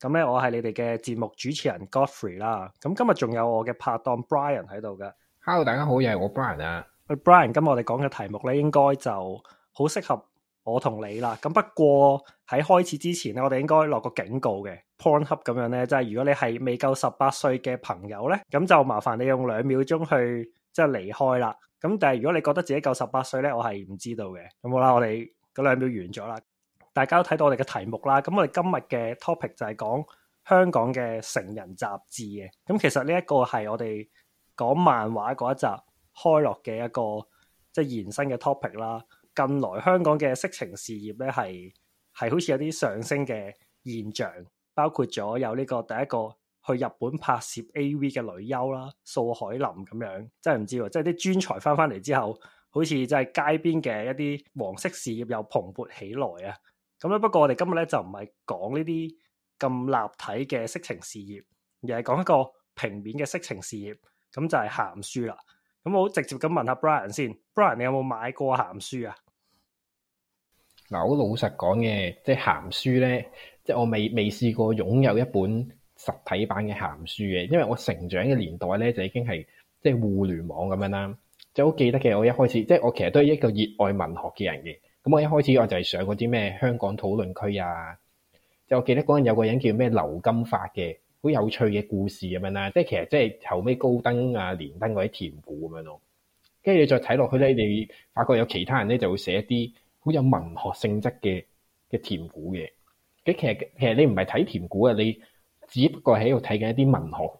咁咧，我係你哋嘅節目主持人 Godfrey 啦。咁今日仲有我嘅拍檔 Brian 喺度嘅。Hello，大家好，又係我 Brian 啊。Brian，今日我哋講嘅題目咧，應該就好適合我同你啦。咁不過喺開始之前咧，我哋應該落個警告嘅 PornHub 咁樣咧，即係如果你係未夠十八歲嘅朋友咧，咁就麻煩你用兩秒鐘去即係離開啦。咁但係如果你覺得自己夠十八歲咧，我係唔知道嘅。咁好啦，我哋嗰兩秒完咗啦。大家都睇到我哋嘅題目啦，咁我哋今日嘅 topic 就係講香港嘅成人雜誌嘅。咁其實呢一個係我哋講漫畫嗰一集開落嘅一個即係延伸嘅 topic 啦。近來香港嘅色情事業咧係係好似有啲上升嘅現象，包括咗有呢個第一個去日本拍攝 AV 嘅女優啦，素海林咁樣真係唔知喎，即係啲專才翻翻嚟之後，好似即係街邊嘅一啲黃色事業又蓬勃起來啊！咁咧，不過我哋今日咧就唔係講呢啲咁立體嘅色情事業，而係講一個平面嘅色情事業。咁就係鹹書啦。咁我好直接咁問下 Brian 先，Brian 你有冇買過鹹書啊？嗱，好老實講嘅，即係鹹書咧，即係我未未試過擁有一本實體版嘅鹹書嘅，因為我成長嘅年代咧就已經係即係互聯網咁樣啦。就好記得嘅，我一開始即係我其實都係一個熱愛文學嘅人嘅。咁一開始我就係上嗰啲咩香港討論區啊，就我記得嗰陣有個人叫咩劉金發嘅，好有趣嘅故事咁樣啦。即係其實即係後尾高登啊、連登嗰啲甜故咁樣咯。跟住你再睇落去咧，你發覺有其他人咧就會寫一啲好有文學性質嘅嘅甜故嘅。咁其實其實你唔係睇甜故啊，你只不過喺度睇緊一啲文學。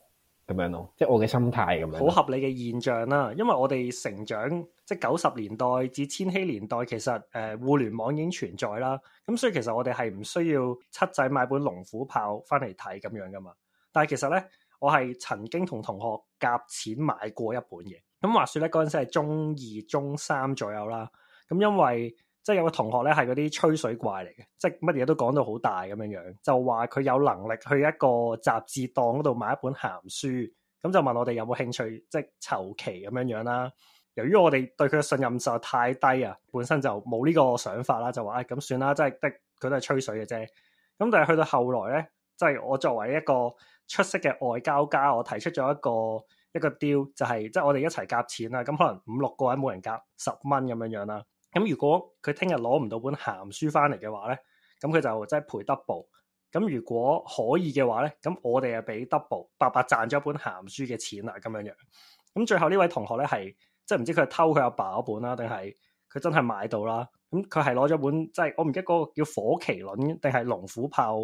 咁樣咯，即係我嘅心態咁樣。好合理嘅現象啦，因為我哋成長即係九十年代至千禧年代，其實誒互聯網已經存在啦。咁所以其實我哋係唔需要七仔買本龍虎豹翻嚟睇咁樣噶嘛。但係其實咧，我係曾經同同學夾錢買過一本嘅。咁話說咧，嗰陣時係中二、中三左右啦。咁因為即係有個同學咧，係嗰啲吹水怪嚟嘅，即係乜嘢都講到好大咁樣樣，就話佢有能力去一個雜誌檔嗰度買一本鹹書，咁就問我哋有冇興趣即係籌旗咁樣樣啦。由於我哋對佢嘅信任實在太低啊，本身就冇呢個想法啦，就話唉，咁、哎、算啦，即係得佢都係吹水嘅啫。咁但係去到後來咧，即、就、係、是、我作為一個出色嘅外交家，我提出咗一個一個雕，就係、是、即係我哋一齊夾錢啦。咁可能五六個位冇人夾十蚊咁樣樣啦。咁如果佢聽日攞唔到本鹹書翻嚟嘅話咧，咁佢就即係賠 double。咁如果可以嘅話咧，咁我哋啊俾 double，白白賺咗本鹹書嘅錢啦咁樣樣。咁最後呢位同學咧係即係唔知佢係偷佢阿爸嗰本啦，定係佢真係買到啦？咁佢係攞咗本即係我唔記得、嗰個叫火麒麟定係龍虎豹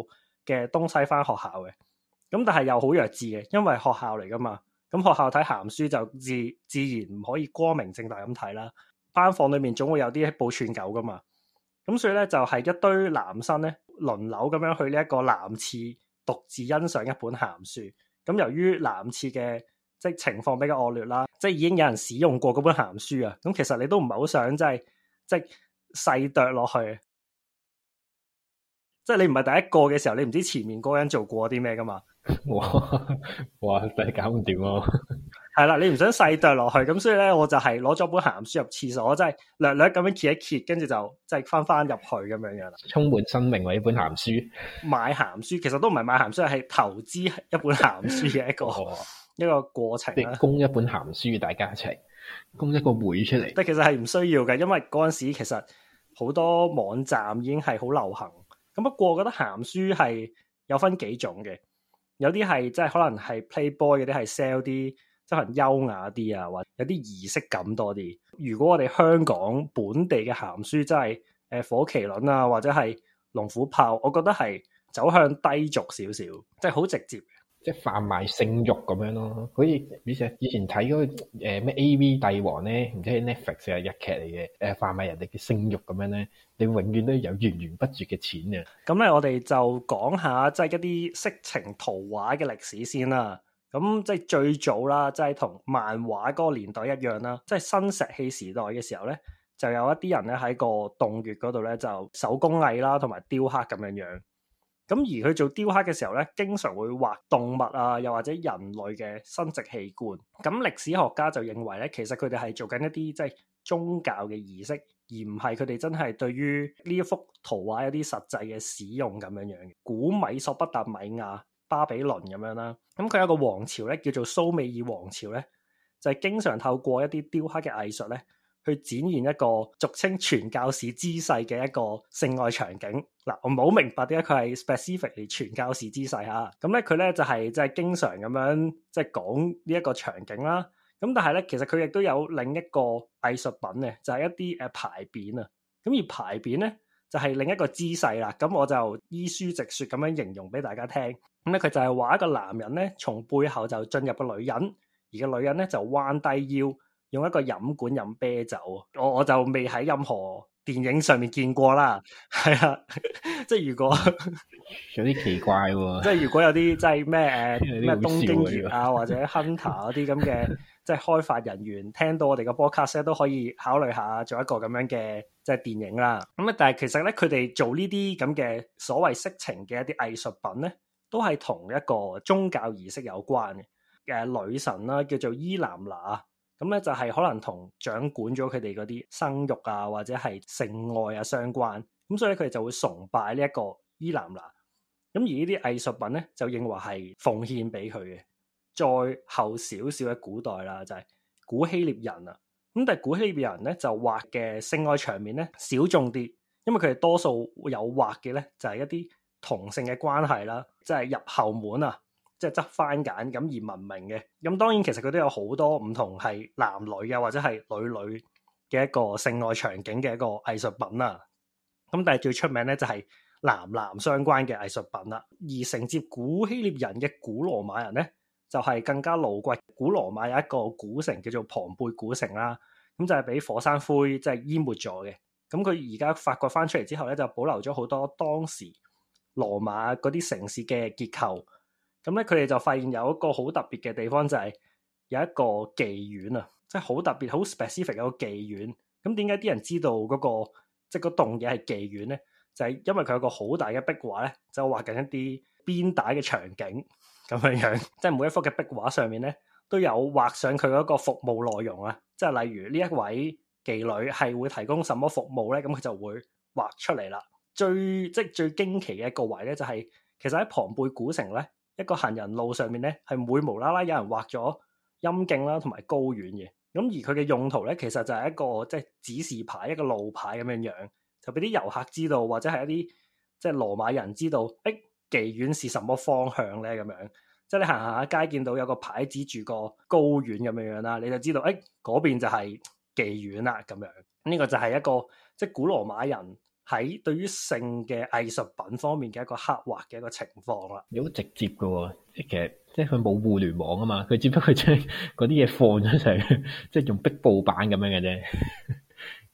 嘅東西翻學校嘅。咁但係又好弱智嘅，因為學校嚟噶嘛。咁學校睇鹹書就自自然唔可以光明正大咁睇啦。.班房裏面總會有啲報串狗噶嘛，咁所以咧就係、是、一堆男生咧輪流咁樣去呢一個男廁獨自欣賞一本咸書。咁由於男廁嘅即係情況比較惡劣啦，即係已經有人使用過嗰本咸書啊。咁其實你都唔係好想、就是、即係即係細剁落去，即係你唔係第一個嘅時候，你唔知前面嗰個人做過啲咩噶嘛。哇哇，真係搞唔掂啊！係啦，你唔想細對落去，咁所以咧，我就係攞咗本鹹書入廁所，即係略略咁樣揭一揭，跟住就即係翻翻入去咁樣樣啦。充滿生命力、啊、一本鹹書，買鹹書其實都唔係買鹹書，係投資一本鹹書嘅一個、 哦、一個過程。供一本鹹書大家一齊，供一個會出嚟。但其實係唔需要嘅，因為嗰陣時其實好多網站已經係好流行。咁不過我覺得鹹書係有分幾種嘅，有啲係即係可能係 Playboy，有啲係 sell 啲。即係優雅啲啊，或者有啲儀式感多啲。如果我哋香港本地嘅咸書，真係誒火麒麟啊，或者係龍虎豹，我覺得係走向低俗少少，即係好直接，即係販賣性欲咁樣咯。好似以前睇嗰個誒咩 AV 帝王咧，唔知 Netflix 係日劇嚟嘅，誒販賣人哋嘅性欲咁樣咧，你永遠都有源源不絕嘅錢啊。咁咧，我哋就講下即係一啲色情圖畫嘅歷史先啦。咁即係最早啦，即係同漫畫嗰個年代一樣啦，即係新石器時代嘅時候咧，就有一啲人咧喺個洞穴嗰度咧就手工藝啦，同埋雕刻咁樣樣。咁而佢做雕刻嘅時候咧，經常會畫動物啊，又或者人類嘅生殖器官。咁歷史學家就認為咧，其實佢哋係做緊一啲即係宗教嘅儀式，而唔係佢哋真係對於呢一幅圖畫有啲實際嘅使用咁樣樣。古美索不達米亞。巴比倫咁樣啦，咁佢有一個王朝咧，叫做蘇美爾王朝咧，就係、是、經常透過一啲雕刻嘅藝術咧，去展現一個俗稱傳教士姿勢嘅一個性愛場景。嗱，我唔好明白點解，佢係 specifically 傳教士姿勢吓。咁咧佢咧就係即係經常咁樣即係講呢一個場景啦。咁但係咧，其實佢亦都有另一個藝術品嘅，就係、是、一啲誒牌匾啊。咁而牌匾咧。就係另一個姿勢啦，咁我就依書直說咁樣形容俾大家聽，咁咧佢就係話一個男人咧從背後就進入個女人，而個女人咧就彎低腰用一個飲管飲啤酒，我我就未喺任何電影上面見過啦，係啊，即係如、啊、 如果有啲奇怪喎，即係如果有啲即係咩誒咩東京魚啊這個 或者 hunter 嗰啲咁嘅，即係 開發人員聽到我哋嘅 podcast 都可以考慮下做一個咁樣嘅即係電影啦。咁啊，但係其實咧，佢哋做呢啲咁嘅所謂色情嘅一啲藝術品咧，都係同一個宗教儀式有關嘅，誒、呃、女神啦、啊，叫做伊南娜。咁咧就係可能同掌管咗佢哋嗰啲生育啊或者係性愛啊相關，咁所以咧佢哋就會崇拜呢一個伊南娜，咁而呢啲藝術品咧就認為係奉獻俾佢嘅。再後少少嘅古代啦，就係古希臘人啊，咁但係古希臘人咧就畫嘅性愛場面咧少眾啲，因為佢哋多數有畫嘅咧就係一啲同性嘅關係啦，即係入後門啊。即係執番簡咁而聞名嘅，咁當然其實佢都有好多唔同係男女嘅，或者係女女嘅一個性愛場景嘅一個藝術品啦。咁但係最出名咧就係男男相關嘅藝術品啦。而承接古希臘人嘅古羅馬人咧，就係更加老貴。古羅馬有一個古城叫做龐貝古城啦，咁就係俾火山灰即係淹沒咗嘅。咁佢而家發掘翻出嚟之後咧，就保留咗好多當時羅馬嗰啲城市嘅結構。咁咧，佢哋就發現有一個好特別嘅地方，就係有一個妓院啊，即係好特別、好 specific 嘅一個妓院。咁點解啲人知道嗰、那個即係嗰棟嘢係妓院咧？就係、是就是、因為佢有個好大嘅壁畫咧，就畫、是、緊一啲鞭打嘅場景咁樣樣。即、就、係、是、每一幅嘅壁畫上面咧，都有畫上佢嗰個服務內容啊。即、就、係、是、例如呢一位妓女係會提供什麼服務咧？咁佢就會畫出嚟啦。最即係、就是、最驚奇嘅一個位咧、就是，就係其實喺龐貝古城咧。一個行人路上面咧，係唔會無啦啦有人畫咗陰莖啦，同埋睾丸嘅。咁而佢嘅用途咧，其實就係一個即係指示牌，一個路牌咁樣樣，就俾啲遊客知道，或者係一啲即係羅馬人知道，誒，妓院是什麼方向咧？咁樣，即係你行行下街見到有個牌指住個睾丸咁樣樣啦，你就知道，誒，嗰邊就係妓院啦。咁樣，呢、這個就係一個即係古羅馬人。喺對於性嘅藝術品方面嘅一個刻畫嘅一個情況啦，你好直接㗎喎，其實即係佢冇互聯網啊嘛，佢只不過佢將嗰啲嘢放咗上，即係用壁布板咁樣嘅啫，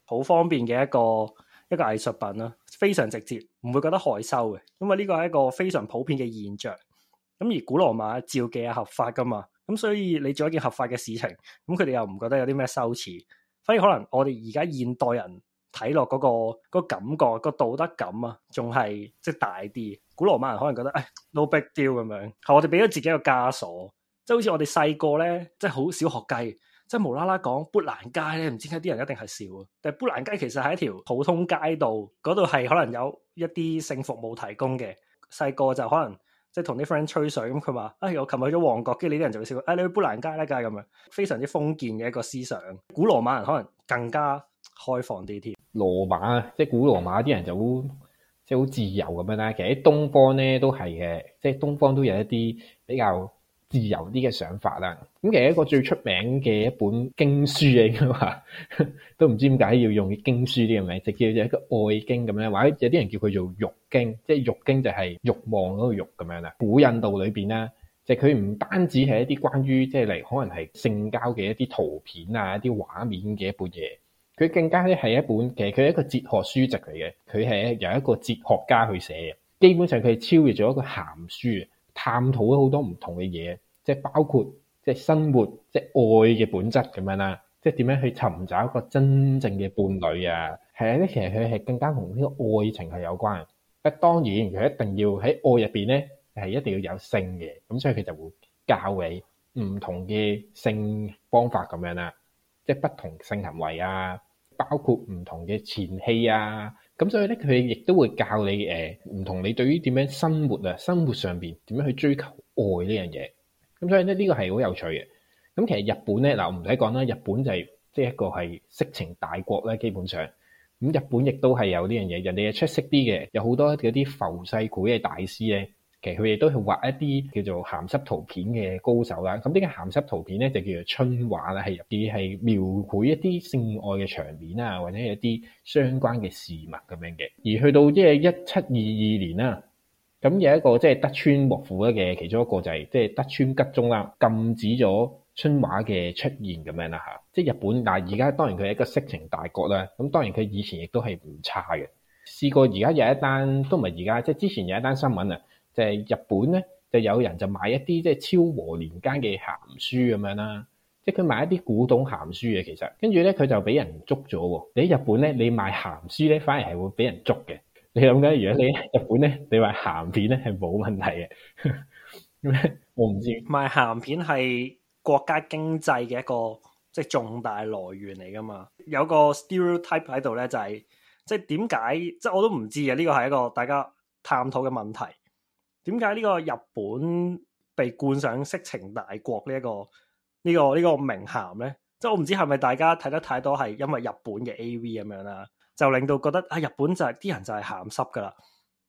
好方便嘅一個一個藝術品啦，非常直接，唔會覺得害羞嘅，因為呢個係一個非常普遍嘅現象。咁而古羅馬照記係合法㗎嘛，咁所以你做一件合法嘅事情，咁佢哋又唔覺得有啲咩羞恥，反而可能我哋而家現代人。睇落嗰個感覺，個道德感啊，仲係即係大啲。古羅馬人可能覺得誒，no big deal 咁樣，係我哋俾咗自己個枷鎖。即係好似我哋細個咧，即係好少學雞，即係無啦啦講砵蘭街咧，唔知點解啲人一定係笑。但係砵蘭街其實係一條普通街道，嗰度係可能有一啲性服務提供嘅。細個就可能即係同啲 friend 吹水，咁佢話誒，我琴日去咗旺角，跟住你啲人就會笑，誒，你去砵蘭街啦，梗係咁樣，非常之封建嘅一個思想。古羅馬人可能更加。開放啲添。羅馬即係古羅馬啲人就好，即係好自由咁樣啦。其實喺東方咧都係嘅，即係東方都有一啲比較自由啲嘅想法啦。咁其實一個最出名嘅一本經書嚟嘅嘛， 都唔知點解要用經書啲咁名，直接就叫一個愛經咁樣。或者有啲人叫佢做慾經，即係慾經就係慾望嗰個慾咁樣啦。古印度裏邊咧，就佢唔單止係一啲關於即係嚟可能係性交嘅一啲圖片啊、一啲畫面嘅一本嘢。佢更加咧，係一本，其實佢係一個哲學書籍嚟嘅。佢係由一個哲學家去寫嘅。基本上佢係超越咗一個咸書，探討咗好多唔同嘅嘢，即係包括即係生活、即係愛嘅本質咁樣啦。即係點樣去尋找一個真正嘅伴侶啊？係啊，呢其實佢係更加同呢個愛情係有關。但當然，佢一定要喺愛入邊咧，係一定要有性嘅。咁所以佢就會教你唔同嘅性方法咁樣啦，即係不同性行為啊。包括唔同嘅前戲啊，咁所以咧佢亦都會教你誒，唔同你對於點樣生活啊，生活上邊點樣去追求愛呢樣嘢，咁所以咧呢個係好有趣嘅。咁其實日本咧嗱，我唔使講啦，日本就係即係一個係色情大國咧，基本上咁日本亦都係有呢樣嘢，人哋係出色啲嘅，有好多嗰啲浮世繪嘅大師咧。其實佢哋都係畫一啲叫做鹹濕圖片嘅高手啦。咁呢個鹹濕圖片咧，就叫做春畫啦，係入啲係描繪一啲性愛嘅場面啊，或者一啲相關嘅事物咁樣嘅。而去到即係一七二二年啦，咁有一個即係德川幕府嘅其中一個就係即係德川吉宗啦，禁止咗春畫嘅出現咁樣啦吓，即日本，但而家當然佢係一個色情大國啦。咁當然佢以前亦都係唔差嘅。試過而家有一單都唔係而家，即之前有一單新聞啊。就係日本咧，就有人就買一啲即係昭和年間嘅鹹書咁樣啦，即係佢買一啲古董鹹書嘅其實，跟住咧佢就俾人捉咗喎。喺日本咧，你賣鹹書咧，反而係會俾人捉嘅。你諗緊，如果你日本咧，你買鹹 賣鹹片咧，係冇問題嘅。我唔知賣鹹片係國家經濟嘅一個即、即係、重大來源嚟噶嘛？有個 stereotype 喺度咧、就係，就係即係點解即我都唔知啊！呢、呢個係一個大家探討嘅問題。點解呢個日本被冠上色情大國呢一個呢個呢個名銜咧？即係我唔知係咪大家睇得太多係因為日本嘅 A.V. 咁樣啦，就令到覺得啊日本就係啲人就係鹹濕噶啦。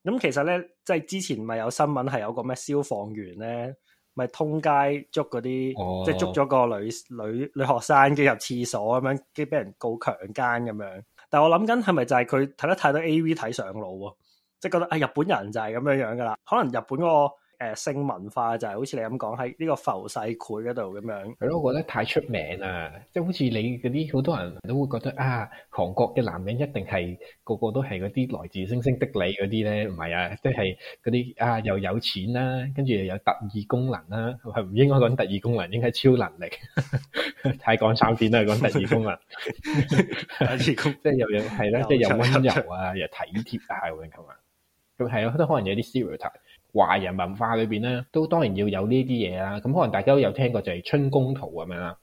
咁其實咧，即係之前咪有新聞係有個咩消防員咧，咪通街捉嗰啲即係捉咗個女女女學生跟住入廁所咁樣，跟住俾人告強姦咁樣。但係我諗緊係咪就係佢睇得太多 A.V. 睇上腦啊？即係覺得係日本人就係咁樣樣噶啦，可能日本個誒、呃、性文化就係好似你咁講喺呢個浮世繪嗰度咁樣。係咯，我覺得太出名啦，即係好似你嗰啲好多人都會覺得啊，韓國嘅男人一定係個個都係嗰啲來自星星的你嗰啲咧，唔係啊，即係嗰啲啊又有錢啦、啊，跟住又有特異功能啦、啊，係唔應該講特異功能，應該超能力。 太講三片啦，講特異功能， 特異功能 即係又有係啦，有出即係又溫柔啊，又體貼啊，又點啊？咁係咯，都、嗯、可能有啲 serious。華人文化裏面咧，都當然要有呢啲嘢啦。咁、嗯、可能大家都有聽過，就係春宮圖咁樣啦。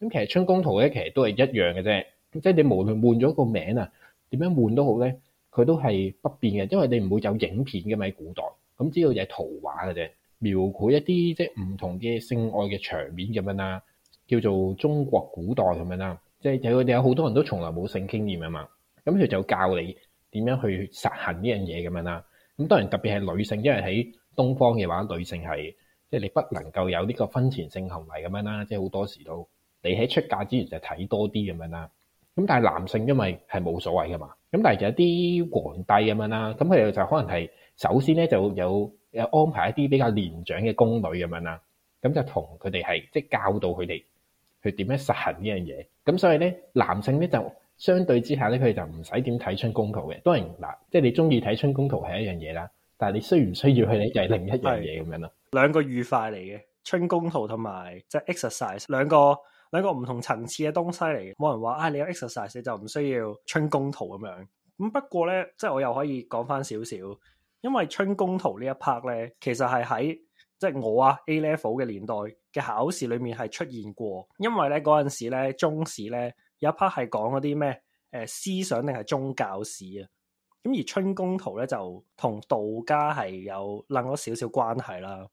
咁其實春宮圖咧，其實都係一樣嘅啫。即係你無論換咗個名啊，點樣換都好咧，佢都係不變嘅，因為你唔會有影片嘅咪古代。咁只要就係圖畫嘅啫，描繪一啲即係唔同嘅性愛嘅場面咁樣啦，叫做中國古代咁樣啦。即係有佢哋有好多人都從來冇性經驗啊嘛，咁佢就教你。點樣去實行呢樣嘢咁樣啦？咁當然特別係女性，因為喺東方嘅話，女性係即係你不能夠有呢個婚前性行為咁樣啦。即係好多時都你喺出嫁之前就睇多啲咁樣啦。咁但係男性因為係冇所謂噶嘛，咁但係有一啲皇帝咁樣啦，咁佢哋就可能係首先咧就有安排一啲比較年長嘅宮女咁樣啦，咁就同佢哋係即係教導佢哋去點樣實行呢樣嘢。咁所以咧男性咧就。相對之下咧，佢哋就唔使點睇春宮圖嘅。當然嗱，即係、就是、你中意睇春宮圖係一樣嘢啦，但係你需唔需要去咧，就係另一樣嘢咁樣咯。兩個愉快嚟嘅春宮圖 ise, 同埋即係 exercise 兩個兩個唔同層次嘅東西嚟嘅。冇人話啊、哎，你有 exercise 你就唔需要春宮圖咁樣。咁不過咧，即係我又可以講翻少少，因為春宮圖一部分呢一 part 咧，其實係喺即係我啊 A level 嘅年代嘅考試裡面係出現過。因為咧嗰陣時咧中史咧。有一 part 係講嗰啲咩，誒思想，定係宗教史啊。咁而春宮圖咧就同道家係有楞咗少少關係啦。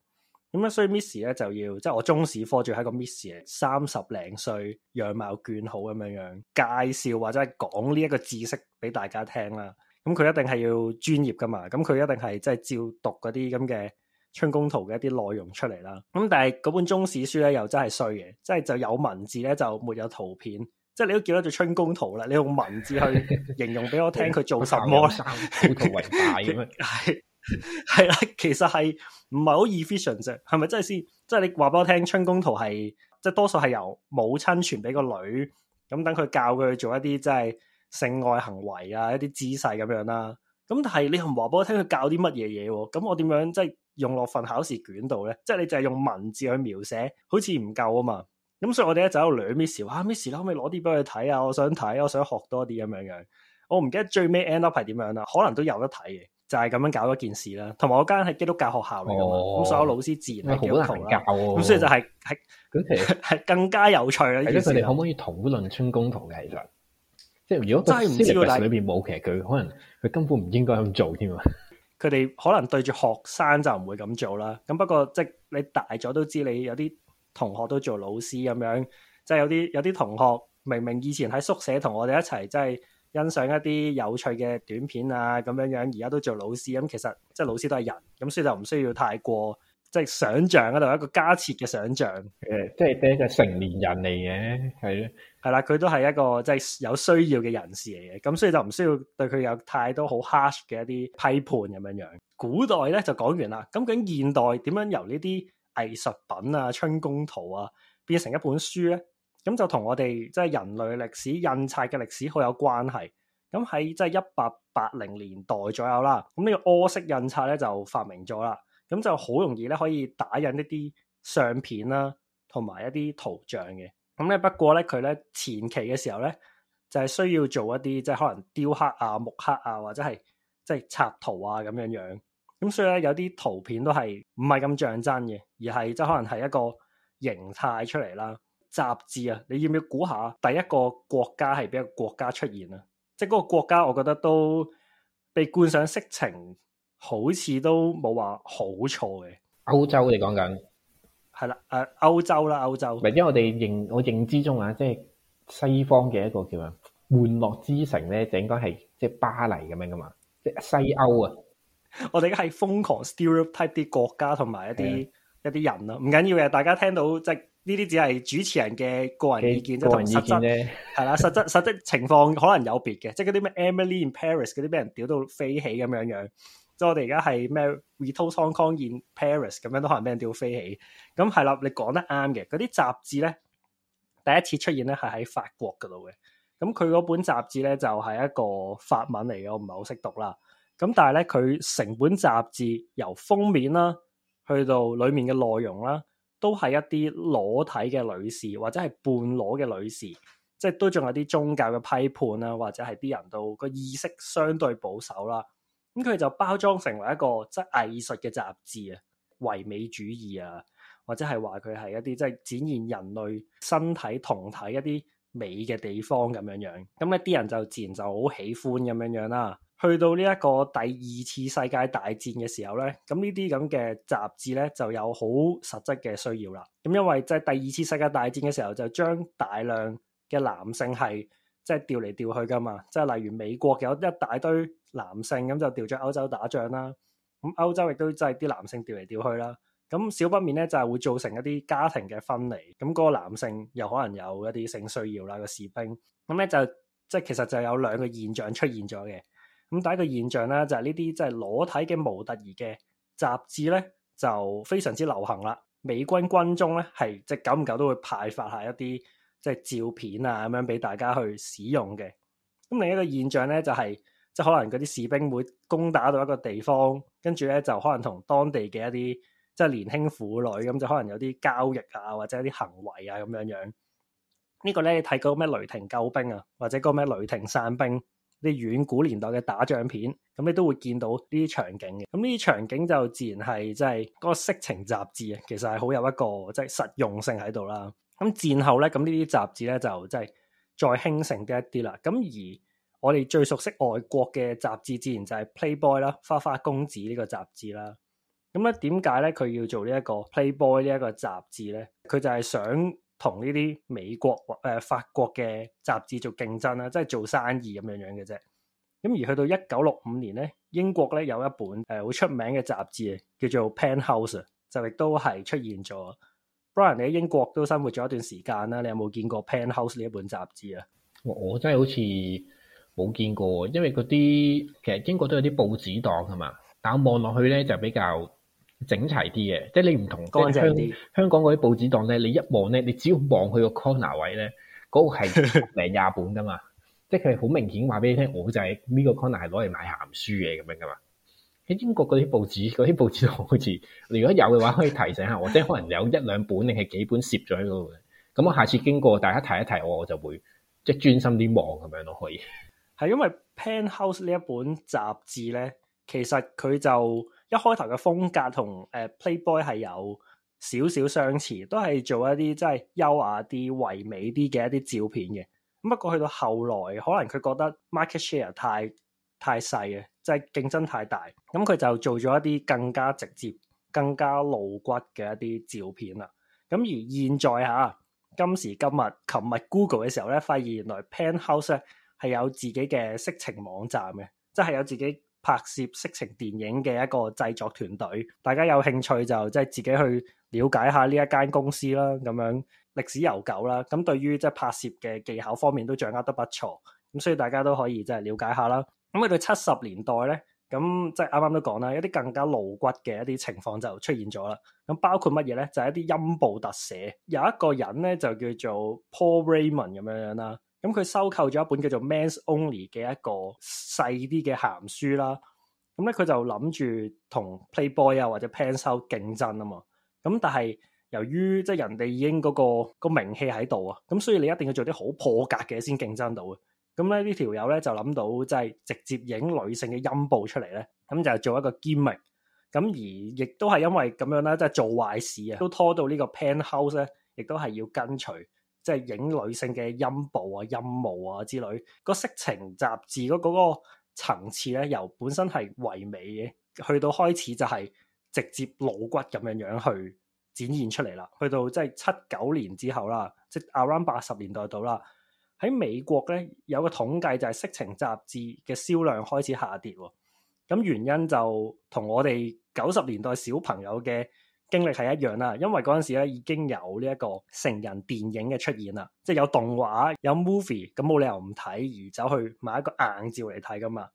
咁、嗯、啊，所以 Miss 咧就要即係、就是、我中史科，仲要係個 Miss 啊，三十零歲，樣貌卷好咁樣樣介紹或者係講呢一個知識俾大家聽啦。咁、嗯、佢一定係要專業噶嘛。咁、嗯、佢一定係即係照讀嗰啲咁嘅春宮圖嘅一啲內容出嚟啦。咁、嗯、但係嗰本中史書咧又真係衰嘅，即係就有文字咧，就沒有圖片。即係你都叫得做春宮圖啦，你用文字去形容俾我聽佢做什麼？構圖 為大咁樣係係啦，其實係唔係好 efficient 啫？係咪真係先？即係你話俾我聽，春宮圖係即係多數係由母親傳俾個女，咁等佢教佢做一啲即係性愛行為啊，一啲姿勢咁樣啦。咁但係你唔話俾我聽佢教啲乜嘢嘢？咁我點樣即係用落份考試卷度咧？即係你就係用文字去描寫，好似唔夠啊嘛。咁所以我們，我哋一走有兩 miss，話 miss 啦，啊、可唔可以攞啲俾佢睇啊？我想睇，我想多學多啲咁樣樣。我唔記得最尾 end up 係點樣啦，可能都有得睇嘅，就係、是、咁樣搞一件事啦。同埋我間係基督教學校嚟噶嘛，咁、哦、所有老師自然係好、哦、基督徒啦。咁、啊、所以就係、是、係，佢其實係更加有趣啦。而家佢哋可唔可以同討論春宮堂嘅，歷歷是其實即係如果真係唔知喺裏邊冇劇，佢可能佢根本唔應該咁做添啊。佢哋可能對住學生就唔會咁做啦。咁不過即係你大咗都知，你有啲。同學都做老師咁樣，即係有啲有啲同學明明以前喺宿舍同我哋一齊，即係欣賞一啲有趣嘅短片啊咁樣樣，而家都做老師咁，其實即係老師都係人，咁所以就唔需要太過即係想像嗰度一個加設嘅想像。誒，即係第一個成年人嚟嘅，係咯，係啦，佢都係一個即係有需要嘅人士嚟嘅，咁所以就唔需要對佢有太多好 harsh 嘅一啲批判咁樣樣。古代咧就講完啦，咁究竟現代點樣由呢啲？藝術品啊、春宮圖啊，變成一本書咧，咁就同我哋即係人類歷史印刷嘅歷史好有關係。咁喺即係一八八零年代左右啦，咁呢個柯式印刷咧就發明咗啦，咁就好容易咧可以打印一啲相片啦、啊，同埋一啲圖像嘅。咁咧不過咧佢咧前期嘅時候咧，就係、是、需要做一啲即係可能雕刻啊、木刻啊或者係即係插圖啊咁樣樣。咁所以咧，有啲圖片都係唔係咁像真嘅，而係即係可能係一個形態出嚟啦。雜誌啊，你要唔要估下第一個國家係邊個國家出現啊？即係嗰個國家，我覺得都被冠上色情，好似都冇話好錯嘅。歐洲，你講緊係啦，誒，啊，歐洲啦，歐洲。唔係，因為我哋認我認知中啊，即係西方嘅一個叫咩玩樂之城咧，就應該係即係巴黎咁樣噶嘛，即係西歐啊。嗯 我哋而家係瘋狂 stereotype 啲國家同埋一啲的一啲人咯，啊，唔緊要嘅。大家聽到即係呢啲，就是、只係主持人嘅個人意見，即同個人意見啫。係啦， 實質實質情況可能有別嘅，即、就、係、是、嗰啲咩 Emily in Paris 嗰啲，俾人屌到飛起咁樣樣。即係我哋而家係咩 We Toast Hong Kong in Paris 咁樣，都可能俾人屌飛起。咁係啦，你講得啱嘅。嗰啲雜誌咧，第一次出現咧係喺法國嗰度嘅。咁佢嗰本雜誌咧就係、是、一個法文嚟嘅，我唔係好識讀啦。咁但係咧，佢成本雜誌由封面啦，去到裏面嘅內容啦，都係一啲裸體嘅女士或者係半裸嘅女士，即係都仲有啲宗教嘅批判啦，或者係啲人都個意識相對保守啦。咁佢就包裝成為一個即係藝術嘅雜誌啊，唯美主義啊，或者係話佢係一啲即係展現人類身體同體一啲美嘅地方咁樣樣。咁一啲人就自然就好喜歡咁樣樣啦。去到呢一個第二次世界大戰嘅時候咧，咁呢啲咁嘅雜誌咧就有好實質嘅需要啦。咁因為即係第二次世界大戰嘅時候，就將大量嘅男性係即係調嚟調去噶嘛。即係例如美國有一大堆男性咁就調咗歐洲打仗啦，咁歐洲亦都即係啲男性調嚟調去啦。咁小不免咧就係會造成一啲家庭嘅分離。咁、那、嗰個男性又可能有一啲性需要啦，那個士兵咁咧就即係、就是、其實就有兩個現象出現咗嘅。咁第一個現象咧，就係呢啲即係裸體嘅模特兒嘅雜誌咧，就非常之流行啦。美軍軍中咧，係即係久唔久都會派發下一啲即係照片啊，咁樣俾大家去使用嘅。咁另一個現象咧，就係即係可能嗰啲士兵會攻打到一個地方，跟住咧就可能同當地嘅一啲即係年輕婦女咁，就可能有啲交易啊，或者一啲行為啊咁樣樣。呢個咧睇過嗰咩雷霆救兵啊，或者嗰咩雷霆散兵。你遠古年代嘅打仗片，咁你都會見到呢啲場景嘅。咁呢啲場景就自然係即係嗰個色情雜誌啊，其實係好有一個即係、就是、實用性喺度啦。咁戰後咧，咁呢啲雜誌咧就即係再興盛啲一啲啦。咁而我哋最熟悉外國嘅雜誌，自然就係 Playboy 啦，花花公子呢個雜誌啦。咁咧點解咧佢要做呢一個 Playboy 呢一個雜誌咧？佢就係想。同呢啲美國或、呃、法國嘅雜誌做競爭啦，即係做生意咁樣樣嘅啫。咁而去到一九六五年咧，英國咧有一本誒好出名嘅雜誌啊叫做《Penthouse》，就亦都係出現咗。Brian，你喺英國都生活咗一段時間啦，你有冇見過《Penthouse》呢一本雜誌啊？我真係好似冇見過，因為嗰啲其實英國都有啲報紙檔啊嘛，但我望落去咧就比較，整齊啲嘅，即係你唔同，乾淨啲，即係香港嗰啲報紙檔咧，你一望咧，你只要望佢個 corner 位咧，嗰個係零廿本噶嘛， 即係佢好明顯話俾你聽，我就係呢個 corner 係攞嚟買鹹書嘅咁樣噶嘛。喺英國嗰啲報紙，嗰啲報紙好似，如果有嘅話，可以提醒下 我，即係可能有一兩本定係幾本攝咗喺嗰度。咁我下次經過，大家睇一睇我，我就會即係專心啲望咁樣咯可以。係因為 Penthouse 呢一本雜誌咧，其實佢就。一開頭嘅風格同誒 Playboy 係有少少相似，都係做一啲即係優雅啲、唯美啲嘅一啲照片嘅。咁不過去到後來，可能佢覺得 market share 太太細嘅，即係競爭太大，咁佢就做咗一啲更加直接、更加露骨嘅一啲照片啦。咁而現在吓今時今日，琴日 Google 嘅時候咧，發現原來 Penthouse 係有自己嘅色情網站嘅，即係有自己。拍攝色情電影嘅一個製作團隊，大家有興趣就即係自己去了解下呢一間公司啦，咁樣歷史悠久啦，咁對於即係拍攝嘅技巧方面都掌握得不錯，咁所以大家都可以即係了解下啦。咁去到七十年代咧，咁即係啱啱都講啦，一啲更加露骨嘅一啲情況就出現咗啦。咁包括乜嘢咧？就係一啲陰部特寫，有一個人咧就叫做 Paul Raymond 咁樣樣啦。咁佢收購咗一本叫做 Men Only 嘅一個細啲嘅鹹書啦，咁咧佢就諗住同 Playboy 啊或者 Penthouse 競爭啊嘛，咁但係由於即係人哋已經嗰個個名氣喺度啊，咁所以你一定要做啲好破格嘅先競爭到嘅，咁咧呢條友咧就諗到即係直接影女性嘅陰部出嚟，咧，咁就做一個 gimmick，咁而亦都係因為咁樣啦，即係做壞事啊，都拖到個呢個 Penthouse 咧，亦都係要跟隨。即係影女性嘅陰部啊、陰毛啊之類，個色情雜誌嗰嗰個層次咧，由本身係唯美嘅，去到開始就係直接露骨咁樣樣去展現出嚟啦。去到即係七九年之後啦，即係 around 八十年代度啦，喺美國咧有個統計就係色情雜誌嘅銷量開始下跌喎。咁原因就同我哋九十年代小朋友嘅經歷係一樣啦，因為嗰陣時咧已經有呢一個成人電影嘅出現啦，即係有動畫有 movie 咁，冇理由唔睇而走去買一個硬照嚟睇噶嘛。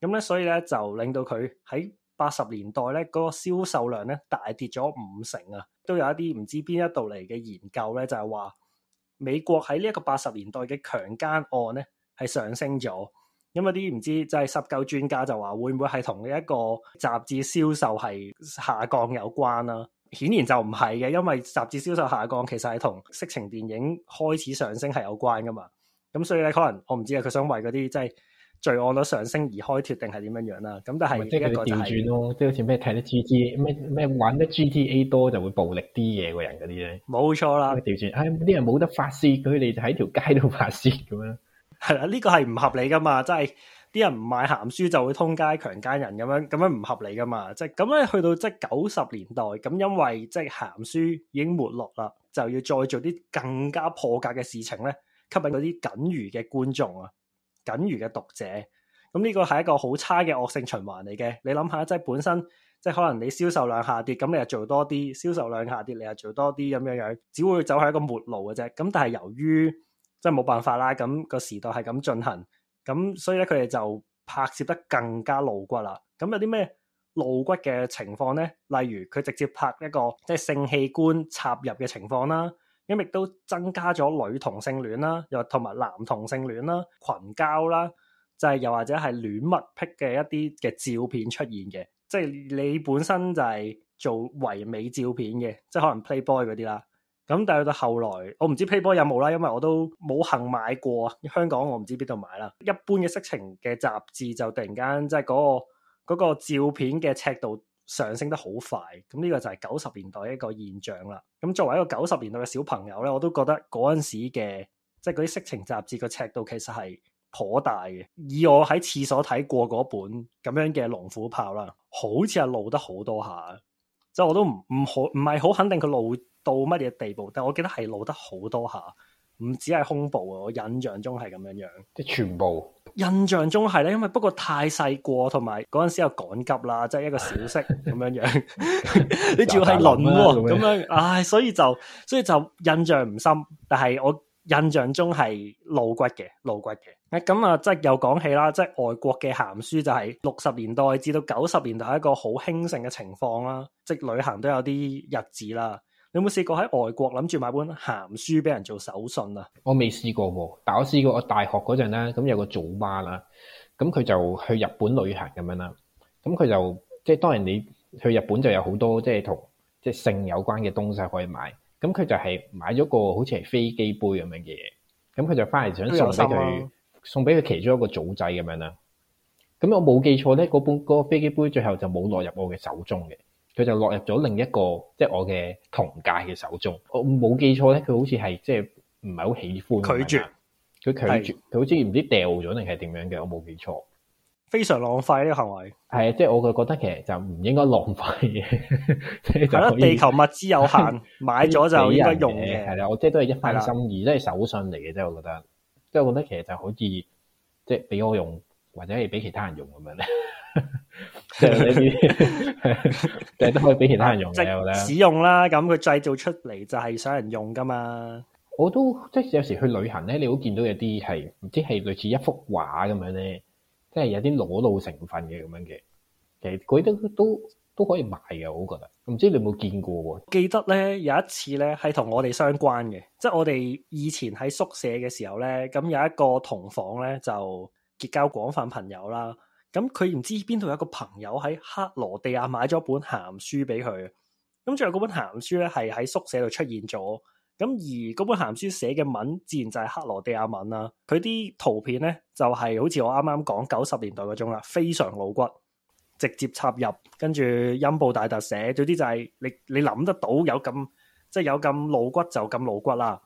咁咧，所以咧就令到佢喺八十年代咧嗰個銷售量咧大跌咗五成啊。都有一啲唔知邊一度嚟嘅研究咧，就係話美國喺呢一個八十年代嘅強姦案咧係上升咗，咁有啲唔知就係十九專家就話會唔會係同呢一個雜誌銷售係下降有關啦？顯然就唔係嘅，因為雜誌銷售下降，其實係同色情電影開始上升係有關噶嘛。咁所以咧，可能我唔知啊，佢想為嗰啲即係罪案率上升而開脫定係點樣樣啦。咁但係即係調轉咯，即係好似咩睇得 G T 咩咩玩得 G T A 多就會暴力啲嘢嘅人嗰啲咧，冇錯啦。調轉，係、哎、啲人冇得發泄，佢哋就喺條街度發泄咁樣。係啦，呢、這個係唔合理噶嘛，真係。啲人唔買鹹書就會通街強奸人咁樣，咁樣唔合理噶嘛？即係咁咧，去到即係九十年代咁，因為即係鹹書已經沒落啦，就要再做啲更加破格嘅事情咧，吸引嗰啲僅餘嘅觀眾啊，僅餘嘅讀者。咁呢個係一個好差嘅惡性循環嚟嘅。你諗下，即係本身即係可能你銷售量下跌，咁你又做多啲；銷售量下跌，你又做多啲咁樣樣，只會走喺一個末路嘅啫。咁但係由於即係冇辦法啦，咁、這個時代係咁進行。咁所以咧，佢哋就拍攝得更加露骨啦。咁有啲咩露骨嘅情況咧？例如佢直接拍一個即係性器官插入嘅情況啦，咁亦都增加咗女同性戀啦，又同埋男同性戀啦、群交啦，就係、是、又或者係戀物癖嘅一啲嘅照片出現嘅。即係你本身就係做唯美照片嘅，即係可能 Playboy 嗰啲啦。咁但係到後來，我唔知 Playboy 有冇啦，因為我都冇行買過。香港我唔知邊度買啦。一般嘅色情嘅雜誌就突然間即係嗰個、嗰個照片嘅尺度上升得好快。咁呢個就係九十年代一個現象啦。咁作為一個九十年代嘅小朋友咧，我都覺得嗰陣時嘅即係嗰啲色情雜誌嘅尺度其實係頗大嘅。以我喺廁所睇過嗰本咁樣嘅龍虎豹啦，好似係露得好多下，即係我都唔唔好唔係好肯定佢露。到乜嘢地步？但係我記得係露得好多下，唔止係胸部啊！我印象中係咁樣樣，即係全部。印象中係咧，因為不過太細個，同埋嗰陣時又趕急啦，即係 一個小息咁樣樣。你仲要係輪咁樣，唉，所以就所以就印象唔深。但係我印象中係露骨嘅，露骨嘅。咁啊，即係又講起啦，即係外國嘅咸書就係六十年代至到九十年代一個好興盛嘅情況啦，即係旅行都有啲日子啦。你有冇試過喺外國諗住買本咸書俾人做手信啊？我未試過，但我試過。我大學嗰陣咧，咁有個祖媽啦，咁佢就去日本旅行咁樣啦。咁佢就即係當然你去日本就有好多即係同即係性有關嘅東西可以買。咁佢就係買咗個好似係飛機杯咁樣嘅嘢。咁佢就翻嚟想送俾佢，啊、送俾佢其中一個祖仔咁樣啦。咁我冇記錯咧，嗰本，嗰個飛機杯最後就冇落入我嘅手中嘅。佢就落入咗另一個即係、就是、我嘅同屆嘅手中，我冇記錯咧，佢好似係即係唔係好喜歡拒絕，佢拒絕，是佢好似唔知掉咗定係點樣嘅，我冇記錯。非常浪費呢、這個行為。係啊，即、就、係、是、我嘅覺得其實就唔應該浪費嘅。覺得對 地球物資有限， 買咗就應該用嘅。係啦，我即係都係一番心意，的都係手信嚟嘅啫。我覺得，即、就、係、是、我覺得其實就好似即係俾我用，或者係俾其他人用咁樣咧。 即係 都可以俾其他人用嘅，使用啦。咁佢製造出嚟就係想人用噶嘛。我都即係有時去旅行咧，你都見到有啲係唔知係類似一幅畫咁樣咧，即係有啲裸露成分嘅咁樣嘅。其實佢都都都可以賣嘅，我覺得。唔知你有冇見過？記得咧有一次咧係同我哋相關嘅，即係我哋以前喺宿舍嘅時候咧，咁有一個同房咧就結交廣泛朋友啦。咁佢唔知邊度有個朋友喺克羅地亞買咗本鹹書俾佢。咁最後嗰本鹹書咧係喺宿舍度出現咗。咁而嗰本鹹書寫嘅文自然就係克羅地亞文啦。佢啲圖片咧就係好似我啱啱講九十年代嗰種啦，非常露骨，直接插入，跟住陰部大特寫。總之就係你你諗得到有咁即係有咁露骨就咁露骨啦。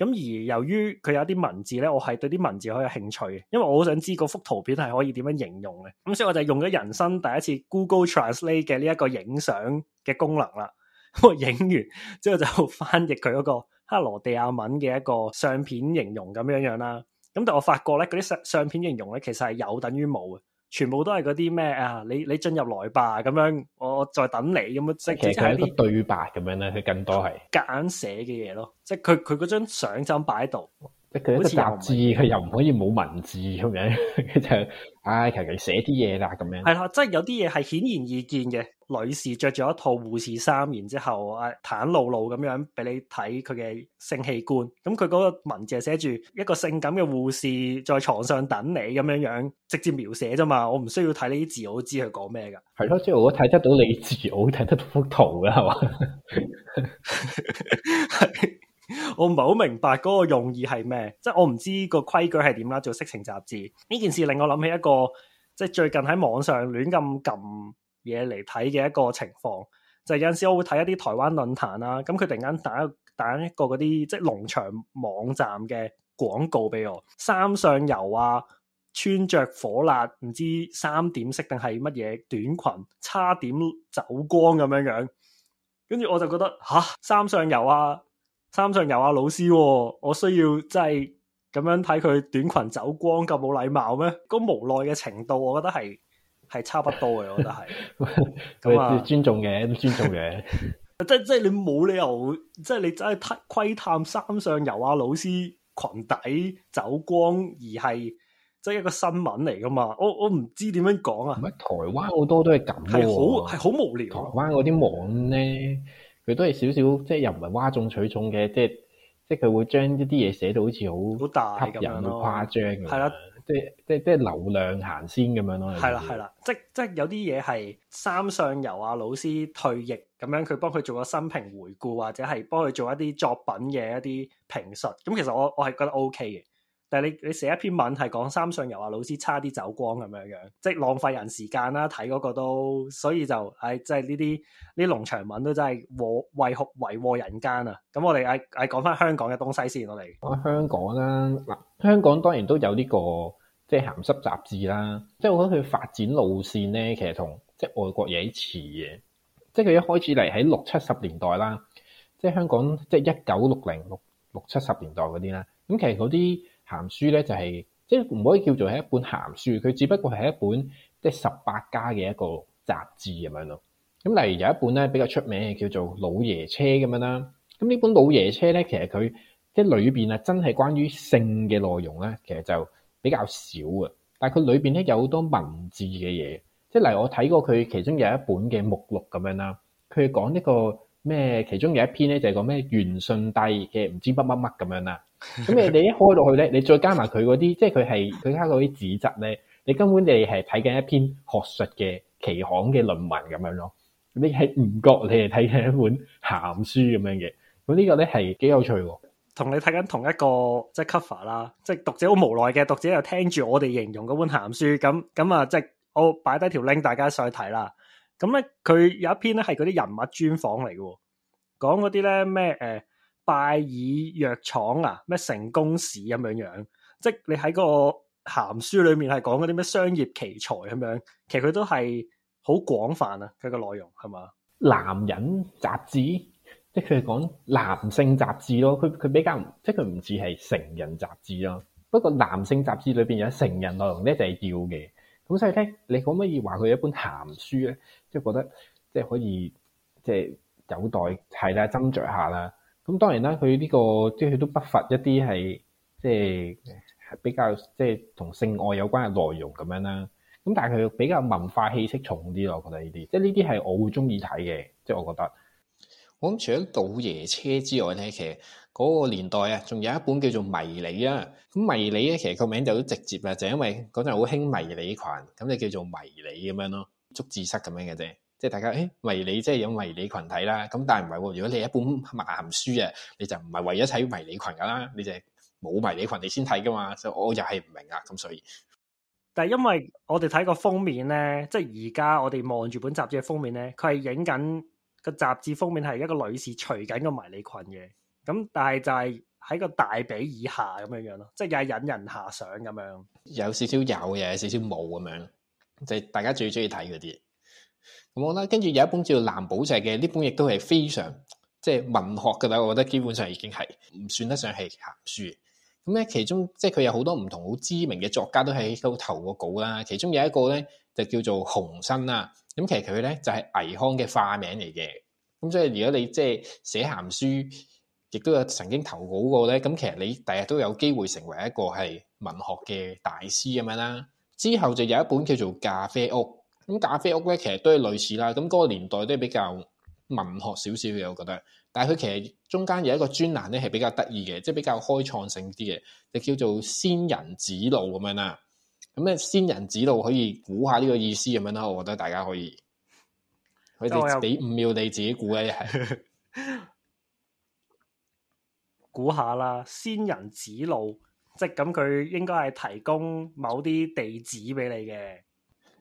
咁而由於佢有啲文字咧，我係對啲文字好有興趣，因為我好想知嗰幅圖片係可以點樣形容嘅，咁所以我就用咗人生第一次 Google Translate 嘅呢一個影相嘅功能啦。咁我影完之後就翻譯佢嗰個克羅地亞文嘅一個相片形容咁樣樣啦。咁但我發覺咧，嗰啲相相片形容咧，其實係有等於冇嘅。全部都係嗰啲咩啊？你你進入來吧咁樣我，我再等你咁樣，其實係一個對白咁樣咧，佢更多係夾硬寫嘅嘢囉。即係佢佢嗰張相就咁擺喺度。好似一個雜誌，佢又唔可以冇文字咁樣，佢就唉、是，求其寫啲嘢啦，咁樣。係啦，即、就、係、是、有啲嘢係顯然易見嘅，女士着住一套護士衫，然之後啊坦露露咁樣俾你睇佢嘅性器官。咁佢嗰個文字係寫住一個性感嘅護士在床上等你咁樣樣，直接描寫啫嘛。我唔需要睇呢啲字，我知佢講咩噶。係咯，即係我睇得到你字，我睇得到幅圖噶，係嘛。 我唔係好明白嗰個用意係咩，即係我唔知個規矩係點啦。做色情雜誌呢件事令我諗起一個，即係最近喺網上亂咁撳嘢嚟睇嘅一個情況，就係有陣時我會睇一啲台灣論壇啦，咁佢突然間打打一個嗰啲即係農場網站嘅廣告俾我，三上游啊，穿着火辣唔知三點式定係乜嘢短裙，差點走光咁樣樣，跟住我就覺得吓、啊、三上游啊！三上悠亞老師，哦，我需要真係咁樣睇佢短裙走光咁冇禮貌咩？個無奈嘅程度我的，我覺得係係差不多嘅，我覺得係咁啊，要尊重嘅， 尊重嘅 ，即係即係你冇理由，即係你真係偷窺探三上悠亞老師裙底走光而係，而係即係一個新聞嚟噶嘛。我我唔知點樣講啊！台灣好多都係咁咯，係好係好無聊。台灣嗰啲網咧。佢都係少少，即係又唔係嘩眾取寵嘅，即係即係佢會將一啲嘢寫到好似好好大咁樣，好誇張嘅。係啦，即係即係即係流量行先咁樣咯。係啦，係啦，即即係有啲嘢係三上悠亞老師退役咁樣，佢幫佢做個生平回顧，或者係幫佢做一啲作品嘅一啲評述。咁其實我我係覺得 O K 嘅。但係你你寫一篇文係講三上游啊，老師差啲走光咁樣樣，即係浪費人時間啦、啊。睇嗰個都，所以就係即係呢啲呢農場文都真係禍為禍為禍人間啊。咁我哋誒誒講翻香港嘅東西先，我哋講、啊、香港啦、啊、嗱、啊，香港當然都有啲、呢個即係咸濕雜誌啦。即係我覺得佢發展路線咧，其實同即係外國嘢似嘅，即係佢一開始嚟喺六七十年代啦，即係香港即係一九六零六六七十年代嗰啲啦。咁、嗯、其實嗰啲。鹹書咧就係即係唔可以叫做係一本鹹書，佢只不過係一本即係十八家嘅一個雜誌咁樣咯。咁例如有一本咧比較出名嘅叫做老爺《老爺車》咁樣啦。咁呢本《老爺車》咧，其實佢即係裏邊啊，真係關於性嘅內容咧，其實就比較少啊。但係佢裏邊咧有好多文字嘅嘢，即係例如我睇過佢其中有一本嘅目錄咁樣啦，佢講呢個咩？其中有一篇咧就係講咩元順帝嘅唔知乜乜乜咁樣啦。咁你 你一開落去咧，你再加埋佢嗰啲，即係佢係佢加嗰啲指責咧，你根本你係睇緊一篇學術嘅期刊嘅論文咁樣咯，你係唔覺你係睇緊一本鹹書咁樣嘅，咁呢個咧係幾有趣。同你睇緊同一個即係、就是、cover 啦，即、就、係、是、讀者好無奈嘅，讀者又聽住我哋形容嗰本鹹書，咁咁啊，即係我擺低條 link，大家上去睇啦。咁咧佢有一篇咧係嗰啲人物專訪嚟嘅，講嗰啲咧咩誒？拜耳藥廠啊，咩成功史咁樣樣，即係你喺個鹹書裏面係講嗰啲咩商業奇才咁樣，其實佢都係好廣泛啊。佢個內容係咪？男人雜誌，即係佢係講男性雜誌咯。佢佢比較即係佢唔似係成人雜誌咯。不過男性雜誌裏邊有成人內容咧，就係要嘅。咁所以咧，你可唔可以話佢一本鹹書咧，即係覺得即係可以，即係有待係啦，斟酌下啦。咁當然啦，佢呢、這個即係佢都不乏一啲係即係比較即係同性愛有關嘅內容咁樣啦。咁但係佢比較文化氣息重啲咯，我覺得呢啲即係呢啲係我會鍾意睇嘅，即係我覺得。我諗除咗《倒爺車》之外咧，其實嗰個年代啊，仲有一本叫做《迷你》啦。咁《迷你》咧，其實個名就好直接啊，就是、因為嗰陣好興迷你裙，咁就叫做迷你咁樣咯，捉字蝨咁樣嘅啫。即係大家，誒迷你即係有迷你群體啦。咁但係唔係，如果你一本咸書啊，你就唔係為咗睇迷你裙噶啦，你就冇迷你裙，你先睇噶嘛。所以我又係唔明啊。咁所以，但係因為我哋睇個封面咧，即係而家我哋望住本雜誌嘅封面咧，佢係影緊個雜誌封面係一個女士除緊個迷你裙嘅。咁但係就係喺個大髀以下咁樣樣咯，即係又係引人遐想咁樣有少少有。有少少有嘅，有少少冇咁樣，即係大家最中意睇嗰啲。咁我咧，跟住、嗯、有一本叫《藍寶石的》嘅，呢本亦都係非常即係文學嘅啦。我覺得基本上已經係唔算得上係咸書。咁、嗯、咧，其中即係佢有好多唔同好知名嘅作家都喺度投過稿啦。其中有一個咧就叫做洪新啦。咁、嗯、其實佢咧就係倪匡嘅化名嚟嘅。咁所以如果你即係寫咸書，亦都有曾經投稿過咧，咁、嗯、其實你第日都有機會成為一個係文學嘅大師咁樣啦。之後就有一本叫做《咖啡屋》。咁咖啡屋咧，其實都係類似啦。咁嗰個年代都係比較文學少少嘅，我覺得。但係佢其實中間有一個專欄咧，係比較得意嘅，即係比較開創性啲嘅，就叫做仙人指路咁樣啦。咁咧，仙人指路可以估下呢個意思咁樣啦。我覺得大家可以。即係你唔要你自己估嘅。估 下啦，仙人指路，即係咁佢應該係提供某啲地址俾你嘅。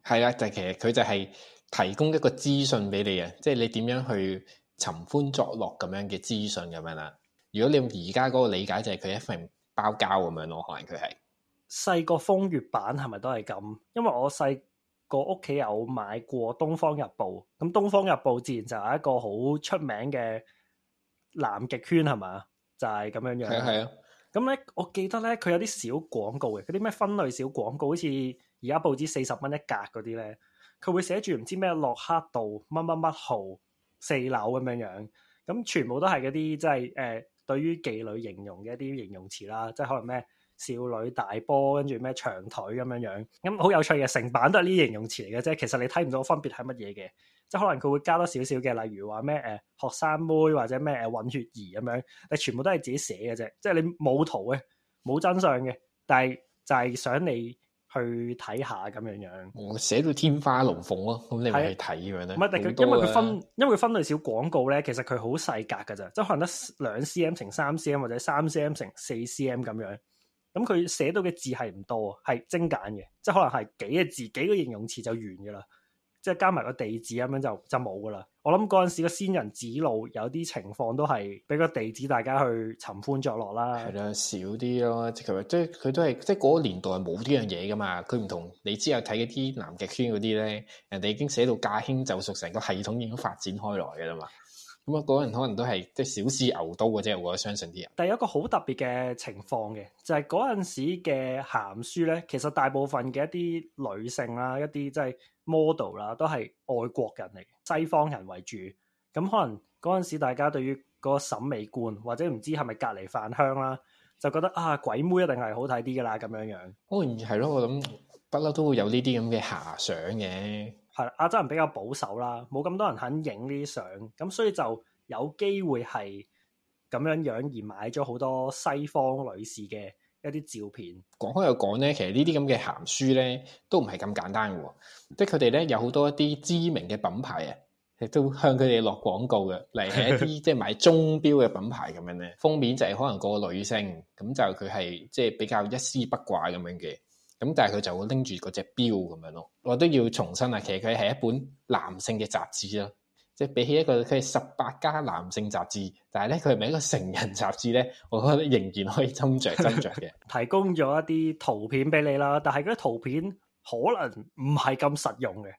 係啦、啊，就是、其實佢就係提供一個資訊俾你啊，即係你點樣去尋歡作樂咁樣嘅資訊咁樣啦。如果你用而家嗰個理解就係佢一份包膠咁樣咯，可能佢係細個風月版係咪都係咁？因為我細個屋企有買過《東方日報》，咁《東方日報》自然就係一個好出名嘅南極圈，係咪？就係咁樣樣。係係啊。咁咧、啊，那我記得咧，佢有啲小廣告嘅，嗰啲咩分類小廣告，好似。而家報紙四十蚊一格嗰啲咧，佢會寫住唔知咩洛克道乜乜乜號四樓咁樣樣，咁全部都係嗰啲即係誒對於妓女形容嘅一啲形容詞啦，即係可能咩少女大波，跟住咩長腿咁樣樣，咁好有趣嘅，成版都係呢啲形容詞嚟嘅啫。其實你睇唔到分別係乜嘢嘅，即係可能佢會加多少少嘅，例如話咩、呃、學生妹或者咩誒混血兒咁樣，你全部都係自己寫嘅啫，即係你冇圖嘅冇真相嘅，但係就係想你。去睇下咁樣樣，我寫、嗯、到天花龍鳳咯，咁是你咪睇咁樣咧。唔係是，但佢多因為佢分，因為佢分類小廣告咧，其實佢好細格噶咋，即係可能得兩 cm 乘三 cm 或者三 cm 乘四 cm 咁樣。咁佢寫到嘅字係唔多，係精簡嘅，即係可能係幾個字，幾個形容詞就完噶啦，即係加埋個地址咁樣就就冇噶啦。我諗嗰陣時個先人指路有啲情況都係俾個地址，大家去尋歡作樂啦。係啦，少啲咯，即係佢都係即係嗰個年代冇呢樣嘢噶嘛。佢唔同你之後睇嗰啲南極圈嗰啲咧，人哋已經寫到駕輕就熟，成個系統已經發展開來噶啦嘛。咁嗰人可能都係即係小試牛刀嘅啫，我相信啲人。但係有一個好特別嘅情況嘅，就係嗰陣時嘅鹹書咧，其實大部分嘅一啲女性啦，一啲即係 model 啦，都係外國人嚟嘅，西方人為主。咁可能嗰陣時大家對於個審美觀或者唔知係咪隔離飯香啦，就覺得啊鬼妹一定係好睇啲噶啦咁樣樣。哦，係咯，我諗不嬲都會有呢啲咁嘅遐想嘅。亞洲人比較保守啦，冇咁多人肯影呢啲相，咁所以就有機會係咁樣樣而買咗好多西方女士嘅一啲照片。講開又講咧，其實呢啲咁嘅鹹書咧，都唔係咁簡單嘅，即係佢哋咧，有好多一啲知名嘅品牌啊，亦都向佢哋落廣告嘅，例如係一啲即係賣鐘錶嘅品牌咁樣咧，封面就係可能個女性，咁就佢係即係比較一絲不掛咁樣嘅。咁但係佢就會拎住嗰隻表咁樣咯，我都要重申啊，其實佢係一本男性嘅雜誌啦，即係比起一個佢係十八加男性雜誌，但係咧佢係咪一個成人雜誌咧，我覺得仍然可以斟酌斟酌嘅。 提供咗一啲圖片俾你啦，但係嗰啲圖片可能唔係咁實用嘅。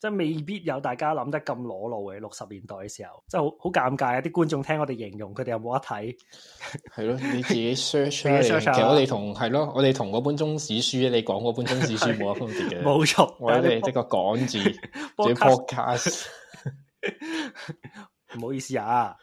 即係未必有大家諗得咁裸露嘅，六十年代嘅時候，即係好好尷尬啊！啲觀眾聽我哋形容，佢哋有冇得睇？係咯，你自己 search 嚟。你其實我哋同係咯，我哋同嗰本中史書，你講嗰本中史書冇乜 對分別嘅。冇錯錯，我哋即個港字 podcast 唔好意思啊，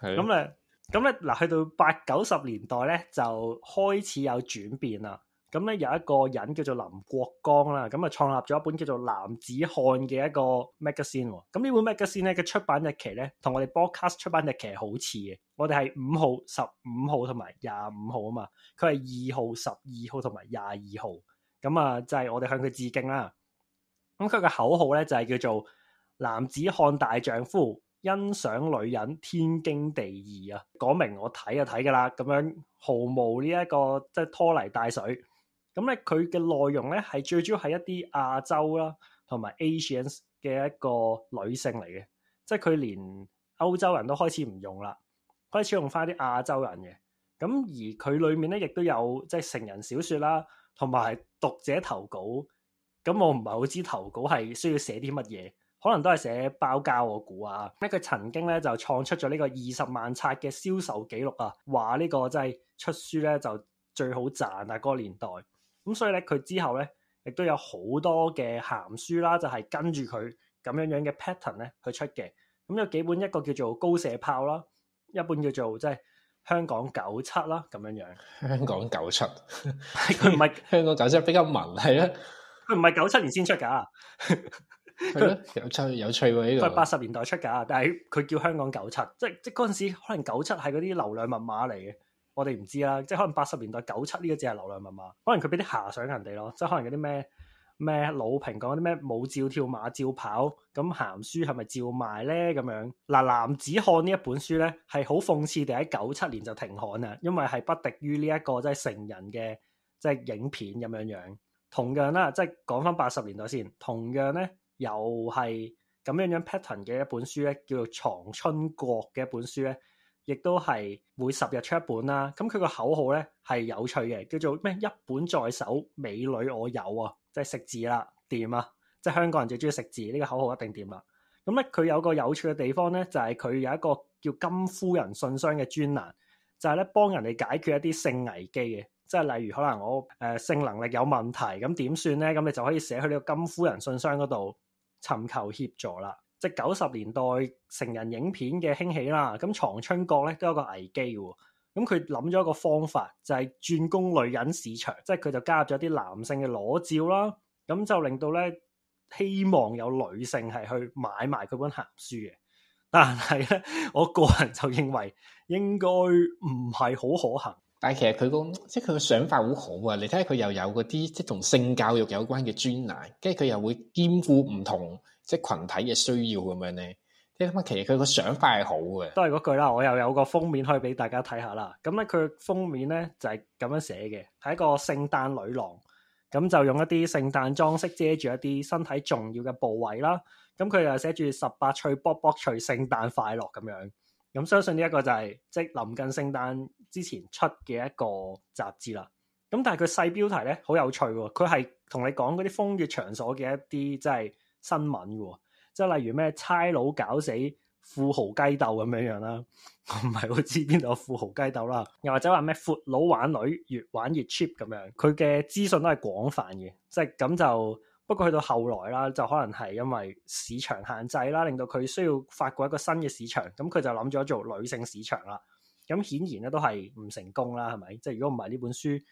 咁咧是，咁咧，嗱，去到八九十年代咧，就開始有轉變啦。咁咧有一個人叫做林國江啦、啊，咁啊創立咗一本叫做《男子漢》嘅一個 magazine。咁呢本 magazine 咧嘅出版日期咧，同我哋 podcast 出版日期好似嘅。我哋係五號、十五號同埋廿五號啊嘛，佢係二號、十二號同埋廿二號。咁啊，就係我哋向佢致敬啦。咁佢嘅口號咧就係、是、叫做男子漢大丈夫，欣賞女人天經地義啊。講明我睇就睇㗎喇，咁樣毫無呢、這、一個即係拖泥帶水。咁咧，佢嘅內容咧係最主要係一啲亞洲啦，同埋 Asians 嘅一個女性嚟嘅，即係佢連歐洲人都開始唔用啦，開始用翻啲亞洲人嘅。咁而佢裏面咧亦都有即係成人小說啦，同埋讀者投稿。咁我唔係好知投稿係需要寫啲乜嘢？可能都係寫包交我估啊。咁佢曾經咧就創出咗呢個二十萬冊嘅銷售紀錄啊，話呢個即係出書咧就最好賺啊。嗰個年代。咁所以咧，佢之後咧，亦都有好多嘅鹹書啦，就係、是、跟住佢咁樣樣嘅 pattern 咧去出嘅。咁、嗯、有幾本，一個叫做高射炮啦，一本叫做即係、就是、香港九七啦，咁樣樣。香港九七，佢唔係香港九七，比較文氣啊。佢唔係九七年先出噶， 有趣有趣喎呢、這個。佢八十年代出噶，但係佢叫香港九七，即係即嗰陣時可能九七係嗰啲流量密碼嚟嘅。我哋唔知啦，即係可能八十年代九七呢個字係流量密碼，可能佢俾啲遐想人哋咯，即係可能有啲咩咩老平講啲咩舞照跳馬照跑，咁鹹書係咪照賣咧？咁樣嗱、啊，男子漢呢一本書咧，係好諷刺地喺九七年就停刊啦，因為係不敵於呢、這、一個即係、就是、成人嘅即係影片咁樣樣。同樣啦，即係講翻八十年代先，同樣咧又係咁樣樣 pattern 嘅一本書咧，叫做《藏春國》嘅一本書咧。亦都係每十日出一本啦、啊，咁佢個口號咧係有趣嘅，叫做咩？一本在手，美女我有啊，即係食字啦，掂啊，即係香港人最中意食字，呢、呢個口號一定掂啦、啊。咁咧，佢有個有趣嘅地方咧，就係、係、佢有一個叫金夫人信箱嘅專欄，就係、係、咧幫人哋解決一啲性危機嘅，即係例如可能我、呃、性能力有問題，咁點算咧？咁你就可以寫去呢個金夫人信箱嗰度尋求協助啦。即九十年代成人影片嘅興起啦，咁藏春閣咧都有個危機喎。咁佢諗咗一個方法，就係轉攻女人市場，即係佢就加入咗啲男性嘅裸照啦，咁就令到咧希望有女性係去買埋佢本鹹書嘅。但係咧，我個人就認為應該唔係好可行。但係其實佢個即係佢嘅想法好好啊。你睇下佢又有嗰啲即係同性教育有關嘅專欄，跟住佢又會兼顧唔同。即係群體嘅需要咁樣咧，即係咁啊！其實佢個想法係好嘅。都係嗰句啦，我又有一個封面可以俾大家睇下啦。咁咧，佢封面咧就係、是、咁樣寫嘅，係一個聖誕女郎，咁就用一啲聖誕裝飾遮住一啲身體重要嘅部位啦。咁佢又寫住十八歲卜卜脆，聖誕快樂咁樣。咁相信呢一個就係即係臨近聖誕之前出嘅一個雜誌啦。咁但係佢細標題咧好有趣，佢係同你講嗰啲風月場所嘅一啲即係。就是新聞嘅，即係例如咩差佬搞死富豪雞斗咁樣樣啦，我唔係好知邊度有富豪雞斗啦，又或者話咩闊佬玩女越玩越 cheap 咁樣，佢嘅資訊都係廣泛嘅，即係咁就不過去到後來啦，就可能係因為市場限制啦，令到佢需要發掘一個新嘅市場，咁佢就諗咗做女性市場啦，咁顯然咧都係唔成功啦，係咪？即係如果唔係呢本書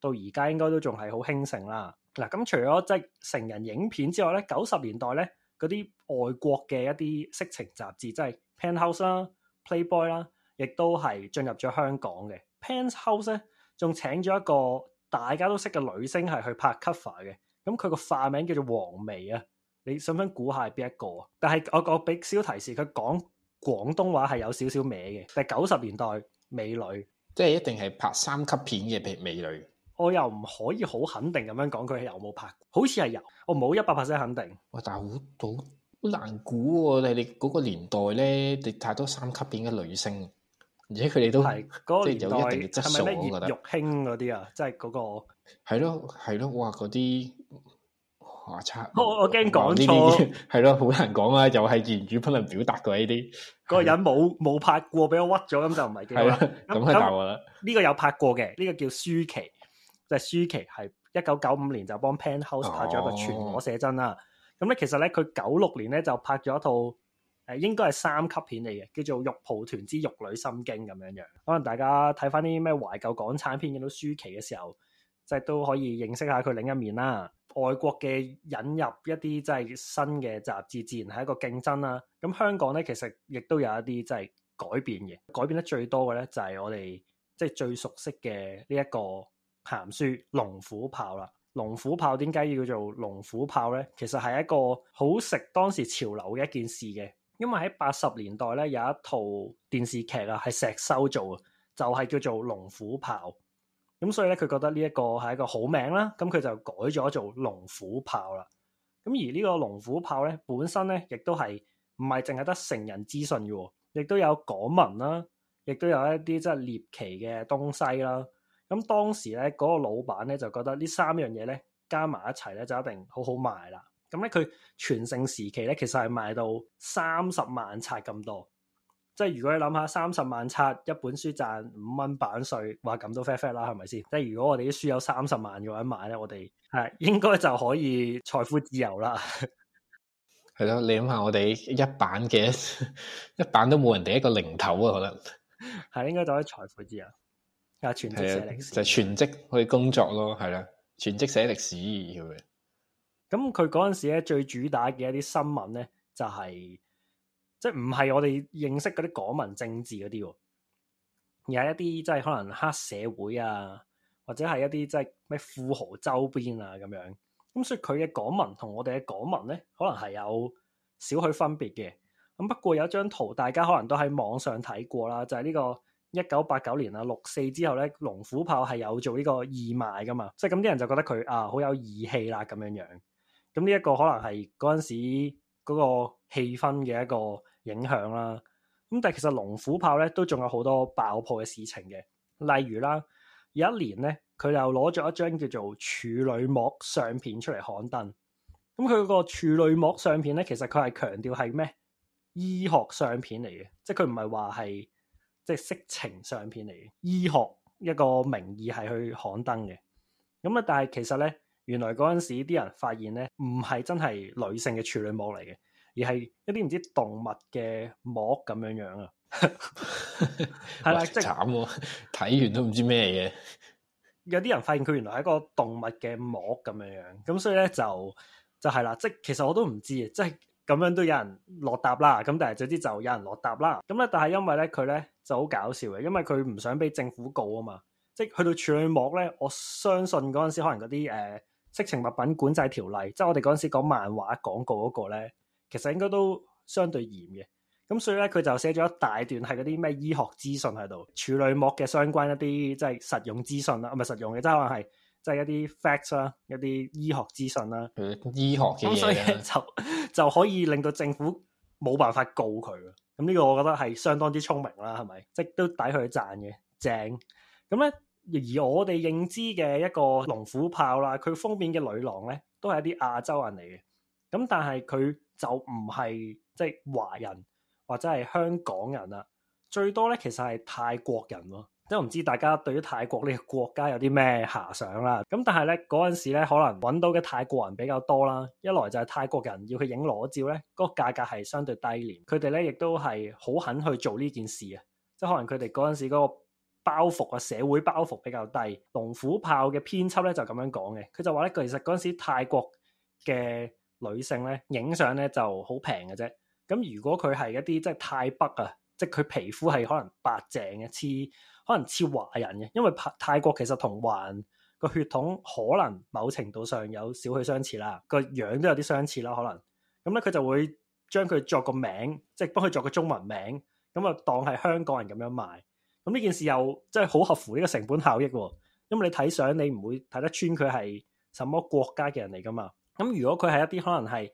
到而家應該都仲係好興盛啦。嗱，咁除咗即係成人影片之外咧，九十年代咧，嗰啲外國嘅一啲色情雜誌，即係 Penthouse 啦、Playboy 啦，亦都係進入咗香港嘅。Penthouse 咧，仲請咗一個大家都識嘅女星係去拍 cover 嘅，咁佢個化名叫做黃薇啊，你想唔想估下係邊一個啊？但係我我俾小提示，佢講廣東話係有少少歪嘅，但係九十年代美女，即係一定係拍三級片嘅美美女。我又唔可以好肯定咁樣講，佢有冇拍，好似係有，我冇一百 percent 肯定。哇！但係好好難估喎、哦，你嗰個年代咧，你太多三級片嘅女星，而且佢哋都係即、那個年代係咪咧？葉玉卿嗰啲啊，即係嗰個係咯，係咯，哇！嗰啲我擦，我我驚講錯，係咯，好難講啊，又係言語不能表達過呢啲。嗰人冇冇的拍過，俾我屈咗，咁就唔係幾好。咁咁，咁佢教我啦。呢個有拍過嘅，呢、這個叫舒淇。即係舒淇，係一九九五年就幫 Penthouse 拍咗一個全裸寫真啦、啊。咁咧、oh. 嗯，其實咧佢九六年咧就拍咗一套誒，應該係三級片嚟嘅，叫做《玉蒲團之玉女心經》咁樣樣。可能大家睇翻啲咩懷舊港產片見到舒淇嘅時候，即係都可以認識下佢另一面啦。外國嘅引入一啲即係新嘅雜誌，自然係一個競爭啦。咁、嗯、香港咧，其實亦都有一啲即係改變嘅，改變得最多嘅咧，就係、是、我哋即係最熟悉嘅呢一個。鹹書龍虎豹啦，龍虎豹點解要叫做龍虎豹咧？其實係一個好食當時潮流嘅一件事嘅，因為喺八十年代咧有一套電視劇啊，係石修做嘅，就係、是、叫做龍虎豹。咁所以咧，佢覺得呢一個係一個好名啦，咁佢就改咗做龍虎豹啦。咁而這個龍炮呢個龍虎豹咧，本身咧亦都係唔係淨係得成人資訊嘅，亦都有港聞啦，亦都有一啲即係獵奇嘅東西啦。咁當時咧，嗰個老闆咧就覺得呢三樣嘢咧加埋一齊咧就一定好好賣啦。咁咧佢全盛時期咧，其實係賣到三十萬冊咁多。即係如果你諗下三十萬冊一本書賺五蚊版稅，話咁都 fair fair 啦，係咪先？即係如果我哋啲書有三十萬嘅話買咧，我哋係應該就可以財富自由啦。係咯，你諗下我哋一版嘅一版都冇人哋一個零頭啊，可能係應該就可以財富自由。啊、就是！全職寫歷史，就全職去工作咯。係啦，全職寫歷史。咁佢嗰陣時咧最主打嘅一啲新聞咧，就係即係唔係我哋認識嗰啲港民政治嗰啲，而係一啲即係可能黑社會啊，或者係一啲即係咩富豪周邊啊咁樣。咁所以佢嘅港民同我哋嘅港民咧，可能係有少許分別嘅。咁不過有一張圖，大家可能都喺網上睇過啦，就係呢個。一九八九年啊，六四之後咧，龍虎豹係有做呢個義賣噶嘛，即係咁啲人就覺得佢啊好有義氣啦咁樣樣。咁呢一個可能係嗰陣時嗰個氣氛嘅一個影響啦。咁但係其實龍虎豹咧都仲有好多爆破嘅事情嘅，例如啦，有一年咧，佢又攞咗一張叫做處女膜相片出嚟刊登。咁佢嗰個處女膜相片咧，其實佢係強調係咩醫學相片嚟嘅，即係佢唔係話係。即係色情相片嚟嘅，醫學一個名義係去刊登嘅，咁啊，但係其實咧，原來嗰陣時啲人，人發現咧，唔係真係女性嘅處女膜嚟嘅，而係一啲唔知動物嘅膜咁樣樣啊，係啦，即係慘啊！睇完都唔知咩嘢。有啲人發現佢原來係一個動物嘅膜咁樣樣，咁所以咧就就係、是、啦，即係其實我都唔知啊，即係。咁樣都有人落答啦，咁但係總之就有人落答啦。咁咧，但係因為咧，佢咧就好搞笑嘅，因為佢唔想俾政府告啊嘛。即係去到處女膜咧，我相信嗰陣時可能嗰啲誒色情物品管制條例，即係我哋嗰陣時講漫畫廣告嗰個咧，其實應該都相對嚴嘅。咁所以咧，佢就寫咗一大段係嗰啲咩醫學資訊喺度，處女膜嘅相關一啲即係實用資訊啦，唔係實用嘅，即係可能係。即係一啲 facts 啦，一啲醫學資訊啦、嗯，醫學嘅嘢，咁，所以就就可以令到政府冇辦法告佢。咁呢個我覺得係相當之聰明啦，係咪？即係都抵佢賺嘅正。咁咧，而我哋認知嘅一個龍虎豹啦，佢封面嘅女郎咧，都係一啲亞洲人嚟嘅。咁但係佢就唔係即係華人或者係香港人啦，最多咧其實係泰國人喎。都唔知大家對於泰國呢個國家有啲咩遐想啦。咁但係咧嗰陣時咧可能揾到嘅泰國人比較多啦，一來就係泰國人要佢影裸照咧，嗰個價格係相對低廉，佢哋咧亦都係好肯去做呢件事啊，即係可能佢哋嗰陣時嗰個包袱啊社會包袱比較低。龍虎豹嘅編輯咧就咁樣講嘅，佢就話咧其實嗰陣時泰國嘅女性咧影相咧就好平嘅啫，咁如果佢係一啲即係泰北啊。即係佢皮膚係可能白淨嘅，似可能似華人嘅，因為泰泰國其實同華人個血統可能某程度上有少許相似啦，個樣都有啲相似啦，可能咁咧，佢就會將佢作個名，即係幫佢作個中文名，咁啊當係香港人咁樣賣。咁呢件事又即係好合乎呢個成本效益，因為你睇相你唔會睇得穿佢係什麼國家嘅人嚟噶嘛。咁如果佢係一啲可能係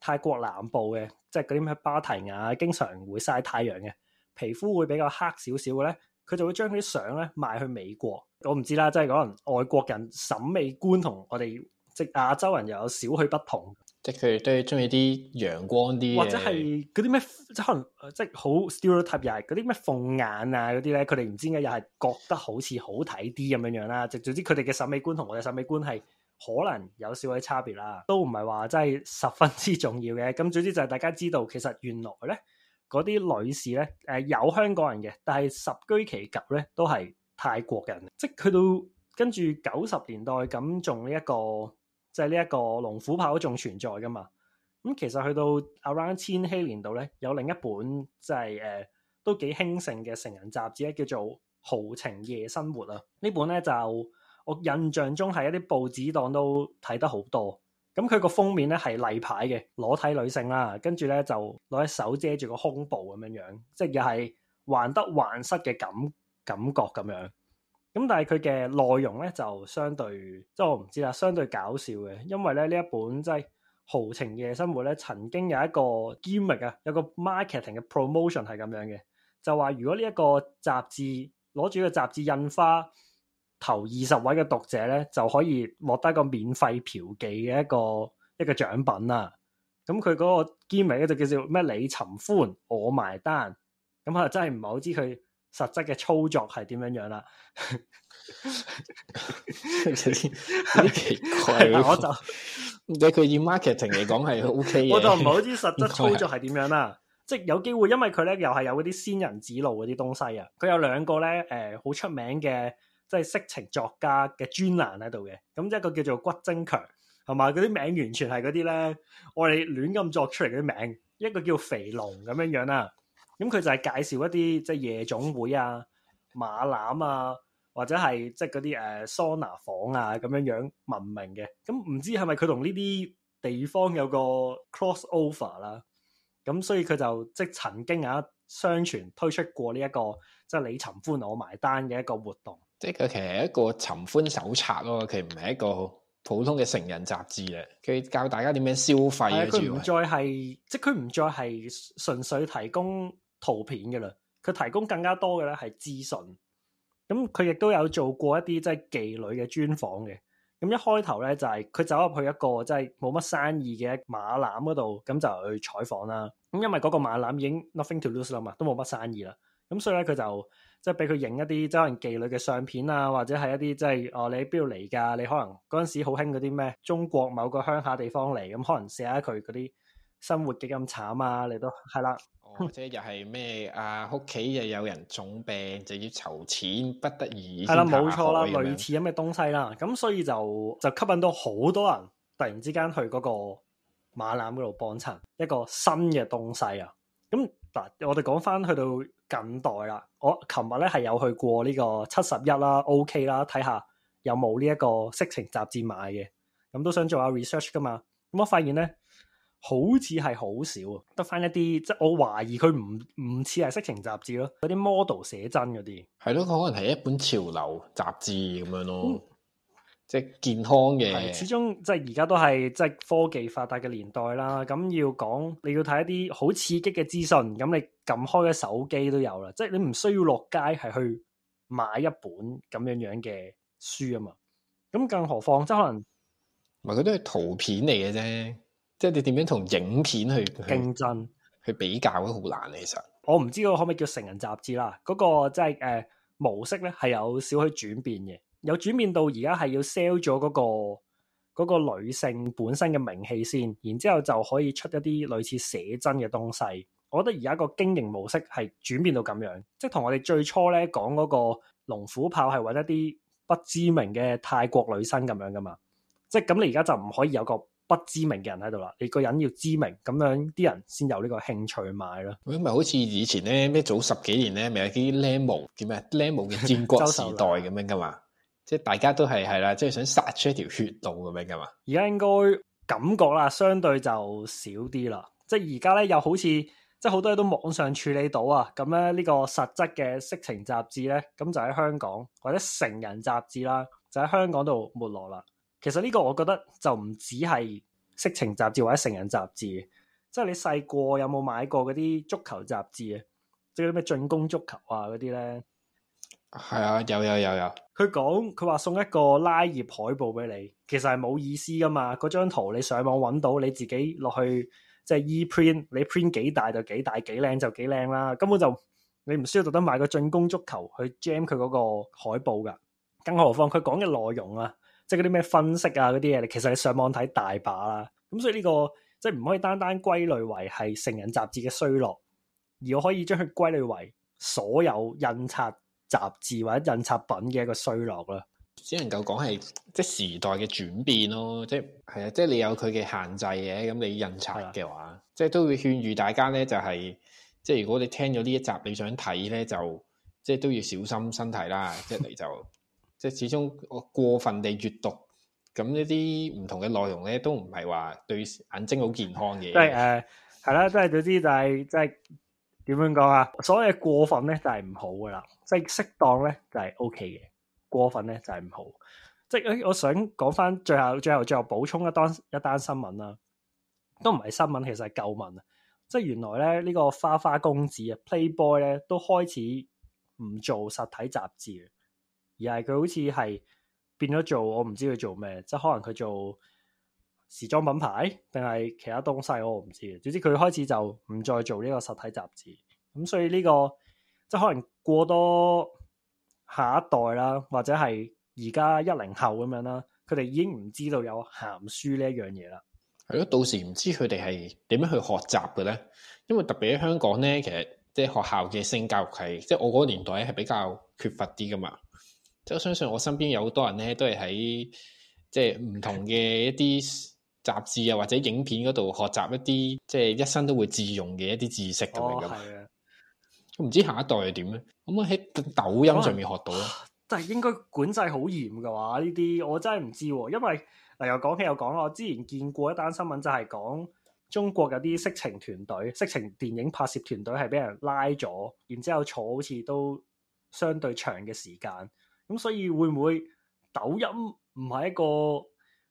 泰國南部嘅，即係嗰啲咩芭提雅，啊，經常會曬太陽嘅。皮膚會比較黑少少嘅咧，佢就會將啲相咧賣去美國。我唔知啦，即係可能外國人審美觀同我哋即亞洲人又有少許不同。即係佢哋都係中意啲陽光啲，或者係嗰啲咩，即係可能即係好 stereotype 嗰啲咩鳳眼啊嗰啲咧，佢哋唔知點解又係覺得好似好睇啲咁樣樣啦。即係總之佢哋嘅審美觀同我哋審美觀係可能有少許差別啦，都唔係話真係十分之重要嘅。咁總之就係大家知道，其實原來咧。嗰啲女士咧，誒、呃、有香港人嘅，但係十居其九咧都係泰國人的，即係去到跟住九十年代咁，仲呢一個即係呢一個龍虎豹仲存在噶嘛咁、嗯、其實去到 around 千禧年度咧，有另一本即係誒都幾興盛嘅成人雜誌，叫做《豪情夜生活》啊。這本呢本咧就我印象中喺一啲報紙檔都睇得好多。咁佢個封面咧係例牌嘅裸體女性啦，跟住咧就攞喺手遮住個胸部咁樣樣即係又係患得患失嘅感感覺咁樣。咁但係佢嘅內容咧就相對即係我唔知啦，相對搞笑嘅，因為咧呢一本即係豪情夜生活咧曾經有一個 gimmick 啊，有個 marketing 嘅 promotion 係咁樣嘅，就話如果呢一個雜誌攞住個雜誌印花。頭二十位嘅讀者咧，就可以獲得一個免費嫖妓嘅一個一個獎品啦。咁佢嗰個簽名咧就叫做咩？李尋歡我埋單。咁啊，真係唔係好知佢實質嘅操作係點樣樣啦。好 奇怪。但我就唔知佢以 marketing 嚟講係 OK 嘅。我就唔係好知道實質操作係點樣啦。即係有機會，因為佢咧又係有嗰啲先人指路嗰啲東西啊。佢有兩個咧，誒，好出名嘅。即係色情作家嘅專欄喺度嘅，咁一個叫做骨精強，同埋嗰啲名完全係嗰啲咧，我哋亂咁作出嚟嗰啲名。一個叫肥龍咁樣樣啦，咁佢就係介紹一啲即係夜總會啊、馬覽啊，或者係即係嗰啲誒桑拿房啊咁樣樣聞名嘅。咁唔知係咪佢同呢啲地方有個 cross over 啦？咁所以佢就即係曾經啊相傳推出過呢、這、一個即係、就是、你尋歡我埋單嘅一個活動。即係佢其實係一個尋歡手冊咯，佢唔係一個普通嘅成人雜誌嚟，佢教大家點樣消費啊。佢唔再係，即係佢唔再係純粹提供圖片噶啦，佢提供更加多嘅咧係資訊。咁佢亦都有做過一啲即係妓女嘅專訪嘅。咁一開頭咧就係、是、佢走入去一個即係冇乜生意嘅馬欄嗰度，咁就去採訪啦。咁因為嗰個馬欄已經 nothing to lose 啦嘛，都冇乜生意啦。咁所以咧，佢就即係俾佢影一啲即係可能妓女嘅相片啊，或者係一啲即係哦，你喺邊度嚟噶？你可能嗰陣時好興嗰啲咩中國某個鄉下地方嚟，咁、嗯、可能寫下佢嗰啲生活幾咁慘啊，你都係啦。或者、哦、又係咩、嗯、啊？屋企又有人重病，就要籌錢不得已。係啦，冇錯啦，類似咁嘅東西啦。咁所以就就吸引到好多人突然之間去嗰個馬欄嗰度幫襯一個新嘅東西啊。咁。我哋講翻去到近代啦，我琴日咧係有去過呢個七十一啦，OK 啦，睇下有冇呢一個色情雜誌買嘅，咁都想做下 research 噶嘛，咁我發現咧，好似係好少，得翻一啲，即係我懷疑佢唔唔似係色情雜誌咯，嗰啲 model 寫真嗰啲，係咯，可能係一本潮流雜誌咁樣咯。嗯即係健康嘅，始終即係而家都係即係科技發達嘅年代啦。咁要講，你要睇一啲好刺激嘅資訊，咁你撳開嘅手機都有啦。即係你唔需要落街係去買一本咁樣樣嘅書啊嘛。咁更何況即係可能，唔係佢都係圖片嚟嘅啫。即係你點樣同影片去競爭、去比較都好難啊。其實我唔知道可唔可以叫成人雜誌啦。嗰、嗰個即係誒模式咧，係有少許轉變嘅。有轉變到而家係要 sell 咗嗰個女性本身嘅名氣先，然之後就可以出一啲類似寫真嘅東西。我覺得而家個經營模式係轉變到咁樣，即係同我哋最初咧講嗰個龍虎豹係為一啲不知名嘅泰國女生咁樣噶嘛。即係咁，你而家就唔可以有個不知名嘅人喺度啦，你個人要知名，咁樣啲人先有呢個興趣買咯。咁咪好似以前咧咩？早十幾年咧，咪有啲僆模，叫咩啊？僆模嘅戰國時代咁 蘭樣噶嘛？即係大家都係係啦，即係想殺出一條血道咁樣噶嘛？而家應該感覺啦，相對就少啲啦。即係而家咧，又好似即係好多嘢都網上處理到啊。咁咧呢個實質嘅色情雜誌咧，咁就喺香港或者成人雜誌啦，就喺香港度沒落啦。其實呢個我覺得就唔止係色情雜誌或者成人雜誌。即係你細個有冇買過嗰啲足球雜誌啊？即係啲咩進攻足球啊嗰啲咧？係啊，有有有有。佢講佢話送一個拉頁海報俾你，其實係冇意思噶嘛。嗰張圖你上網揾到，你自己落去即係、就是、e print，你 print 幾大就幾大，幾靚就幾靚啦。根本就你唔需要特登買個進攻足球去 jam 佢嗰個海報噶。更何況佢講嘅內容啊，即係嗰啲咩分析啊，嗰啲嘢，你其實你上網睇大把啦。咁所以呢、呢個即係唔可以單單歸類為係成人雜誌嘅衰落，而我可以將佢歸類為所有印刷。雜誌或者印刷品嘅一個衰落啦，只能夠講係即係時代嘅轉變咯，即係係啊，即係你有佢嘅限制嘅，咁你印刷嘅話，的即係都會勸喻大家咧，就係、是、即係如果你聽咗呢一集，你想睇咧，就即係都要小心身體啦，即係 你就即係始終我過分地閱讀，咁呢啲唔同嘅內容咧，都唔係話對眼睛好健康嘅，即係誒係啦，即係總之就係即係。就是點樣講啊？所謂過分咧就係唔好噶啦，即係適當咧就係 O K 嘅，過分咧就係唔好。即係誒，我想講返最後、最後、最後補充一單一單新聞啦，都唔係新聞，其實係舊聞啊。即係原來咧呢、呢個花花公子啊，Playboy 咧都開始唔做實體雜誌，而係佢好似係變咗做我唔知佢做咩，即係可能佢做。時裝品牌定係其他東西，我唔知嘅。總之佢開始就唔再做呢個實體雜誌咁，所以呢個即係可能過多下一代啦，或者係而家一零後咁樣啦，佢哋已經唔知道有咸書呢一樣嘢啦。係咯，到時唔知佢哋係點樣去學習嘅咧。因為特別喺香港咧，其實即係學校嘅性教育係即係我嗰個年代係比較缺乏啲噶嘛。即係我相信我身邊有好多人咧，都係喺即係唔同嘅一啲。 雜誌啊，或者影片嗰度學習一啲即係一生都會自用嘅一啲知識咁樣咁，哦、唔知下一代又點咧？咁啊喺抖音上面學到咯，即係、哦、應該管制好嚴嘅話呢啲，我真係唔知、啊。因為嗱、嗯、又講起又講啦，我之前見過一單新聞，就係講中國有啲色情團隊、色情電影拍攝團隊係俾人拉咗，然之後坐好似都相對長嘅時間，咁所以會唔會抖音唔係一個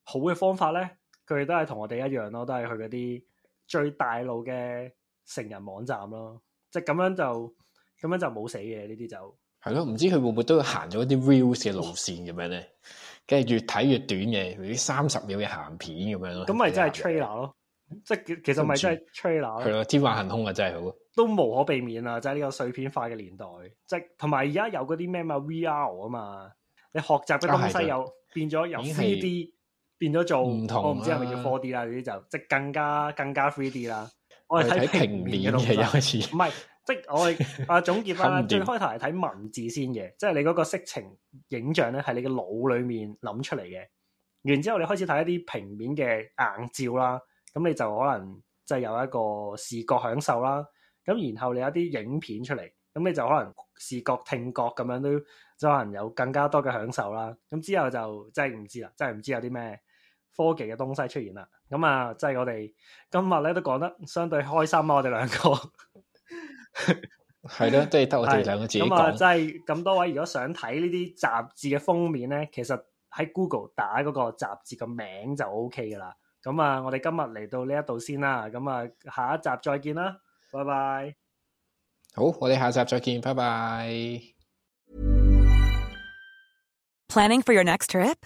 好嘅方法咧？佢哋都係同我哋一樣咯，都係去嗰啲最大路嘅成人網站咯，即係咁樣就咁樣就冇死嘅呢啲就係咯，唔知佢會唔會都要行咗啲 reels 嘅路線咁樣咧，跟住 越睇越短嘅，嗰啲三十秒嘅鹹片咁樣咯。咁咪、嗯、真係 trailer 咯，即係其實咪真係 trailer。係咯，天馬行空啊，真係好都無可避免啦，即係呢個碎片化嘅年代，即係同埋而家有嗰啲咩嘛 VR 啊嘛，你學習嘅東西又變咗有 c d 變咗做唔同，啊、我唔知係咪叫 four D 啦，呢啲就即係更加更加 three D 啦。我哋睇平面嘅東西，唔係即我哋啊總結啦， 定最開頭係睇文字先嘅，即係你嗰個色情影像咧，係你嘅腦裏面諗出嚟嘅。然之後你開始睇一啲平面嘅硬照啦，咁你就可能即係有一個視覺享受啦。咁然後你有啲影片出嚟，咁你就可能視覺聽覺咁樣都就可能有更加多嘅享受啦。咁之後就真係唔知啦，真係唔知有啲咩。科技嘅東西出現啦，咁啊，即係我哋今日咧都講得相對開心。 對啊，我哋兩個係咯，即係得我哋兩個自己講。咁啊，即係咁多位如果想睇呢啲雜誌嘅封面咧，其實喺 Google 打嗰個雜誌嘅名就 OK 噶啦。咁啊，我哋今日嚟到呢一度先啦，咁啊，下一集再見啦，拜拜。好，我哋下集再見，拜拜。Planning for your next trip?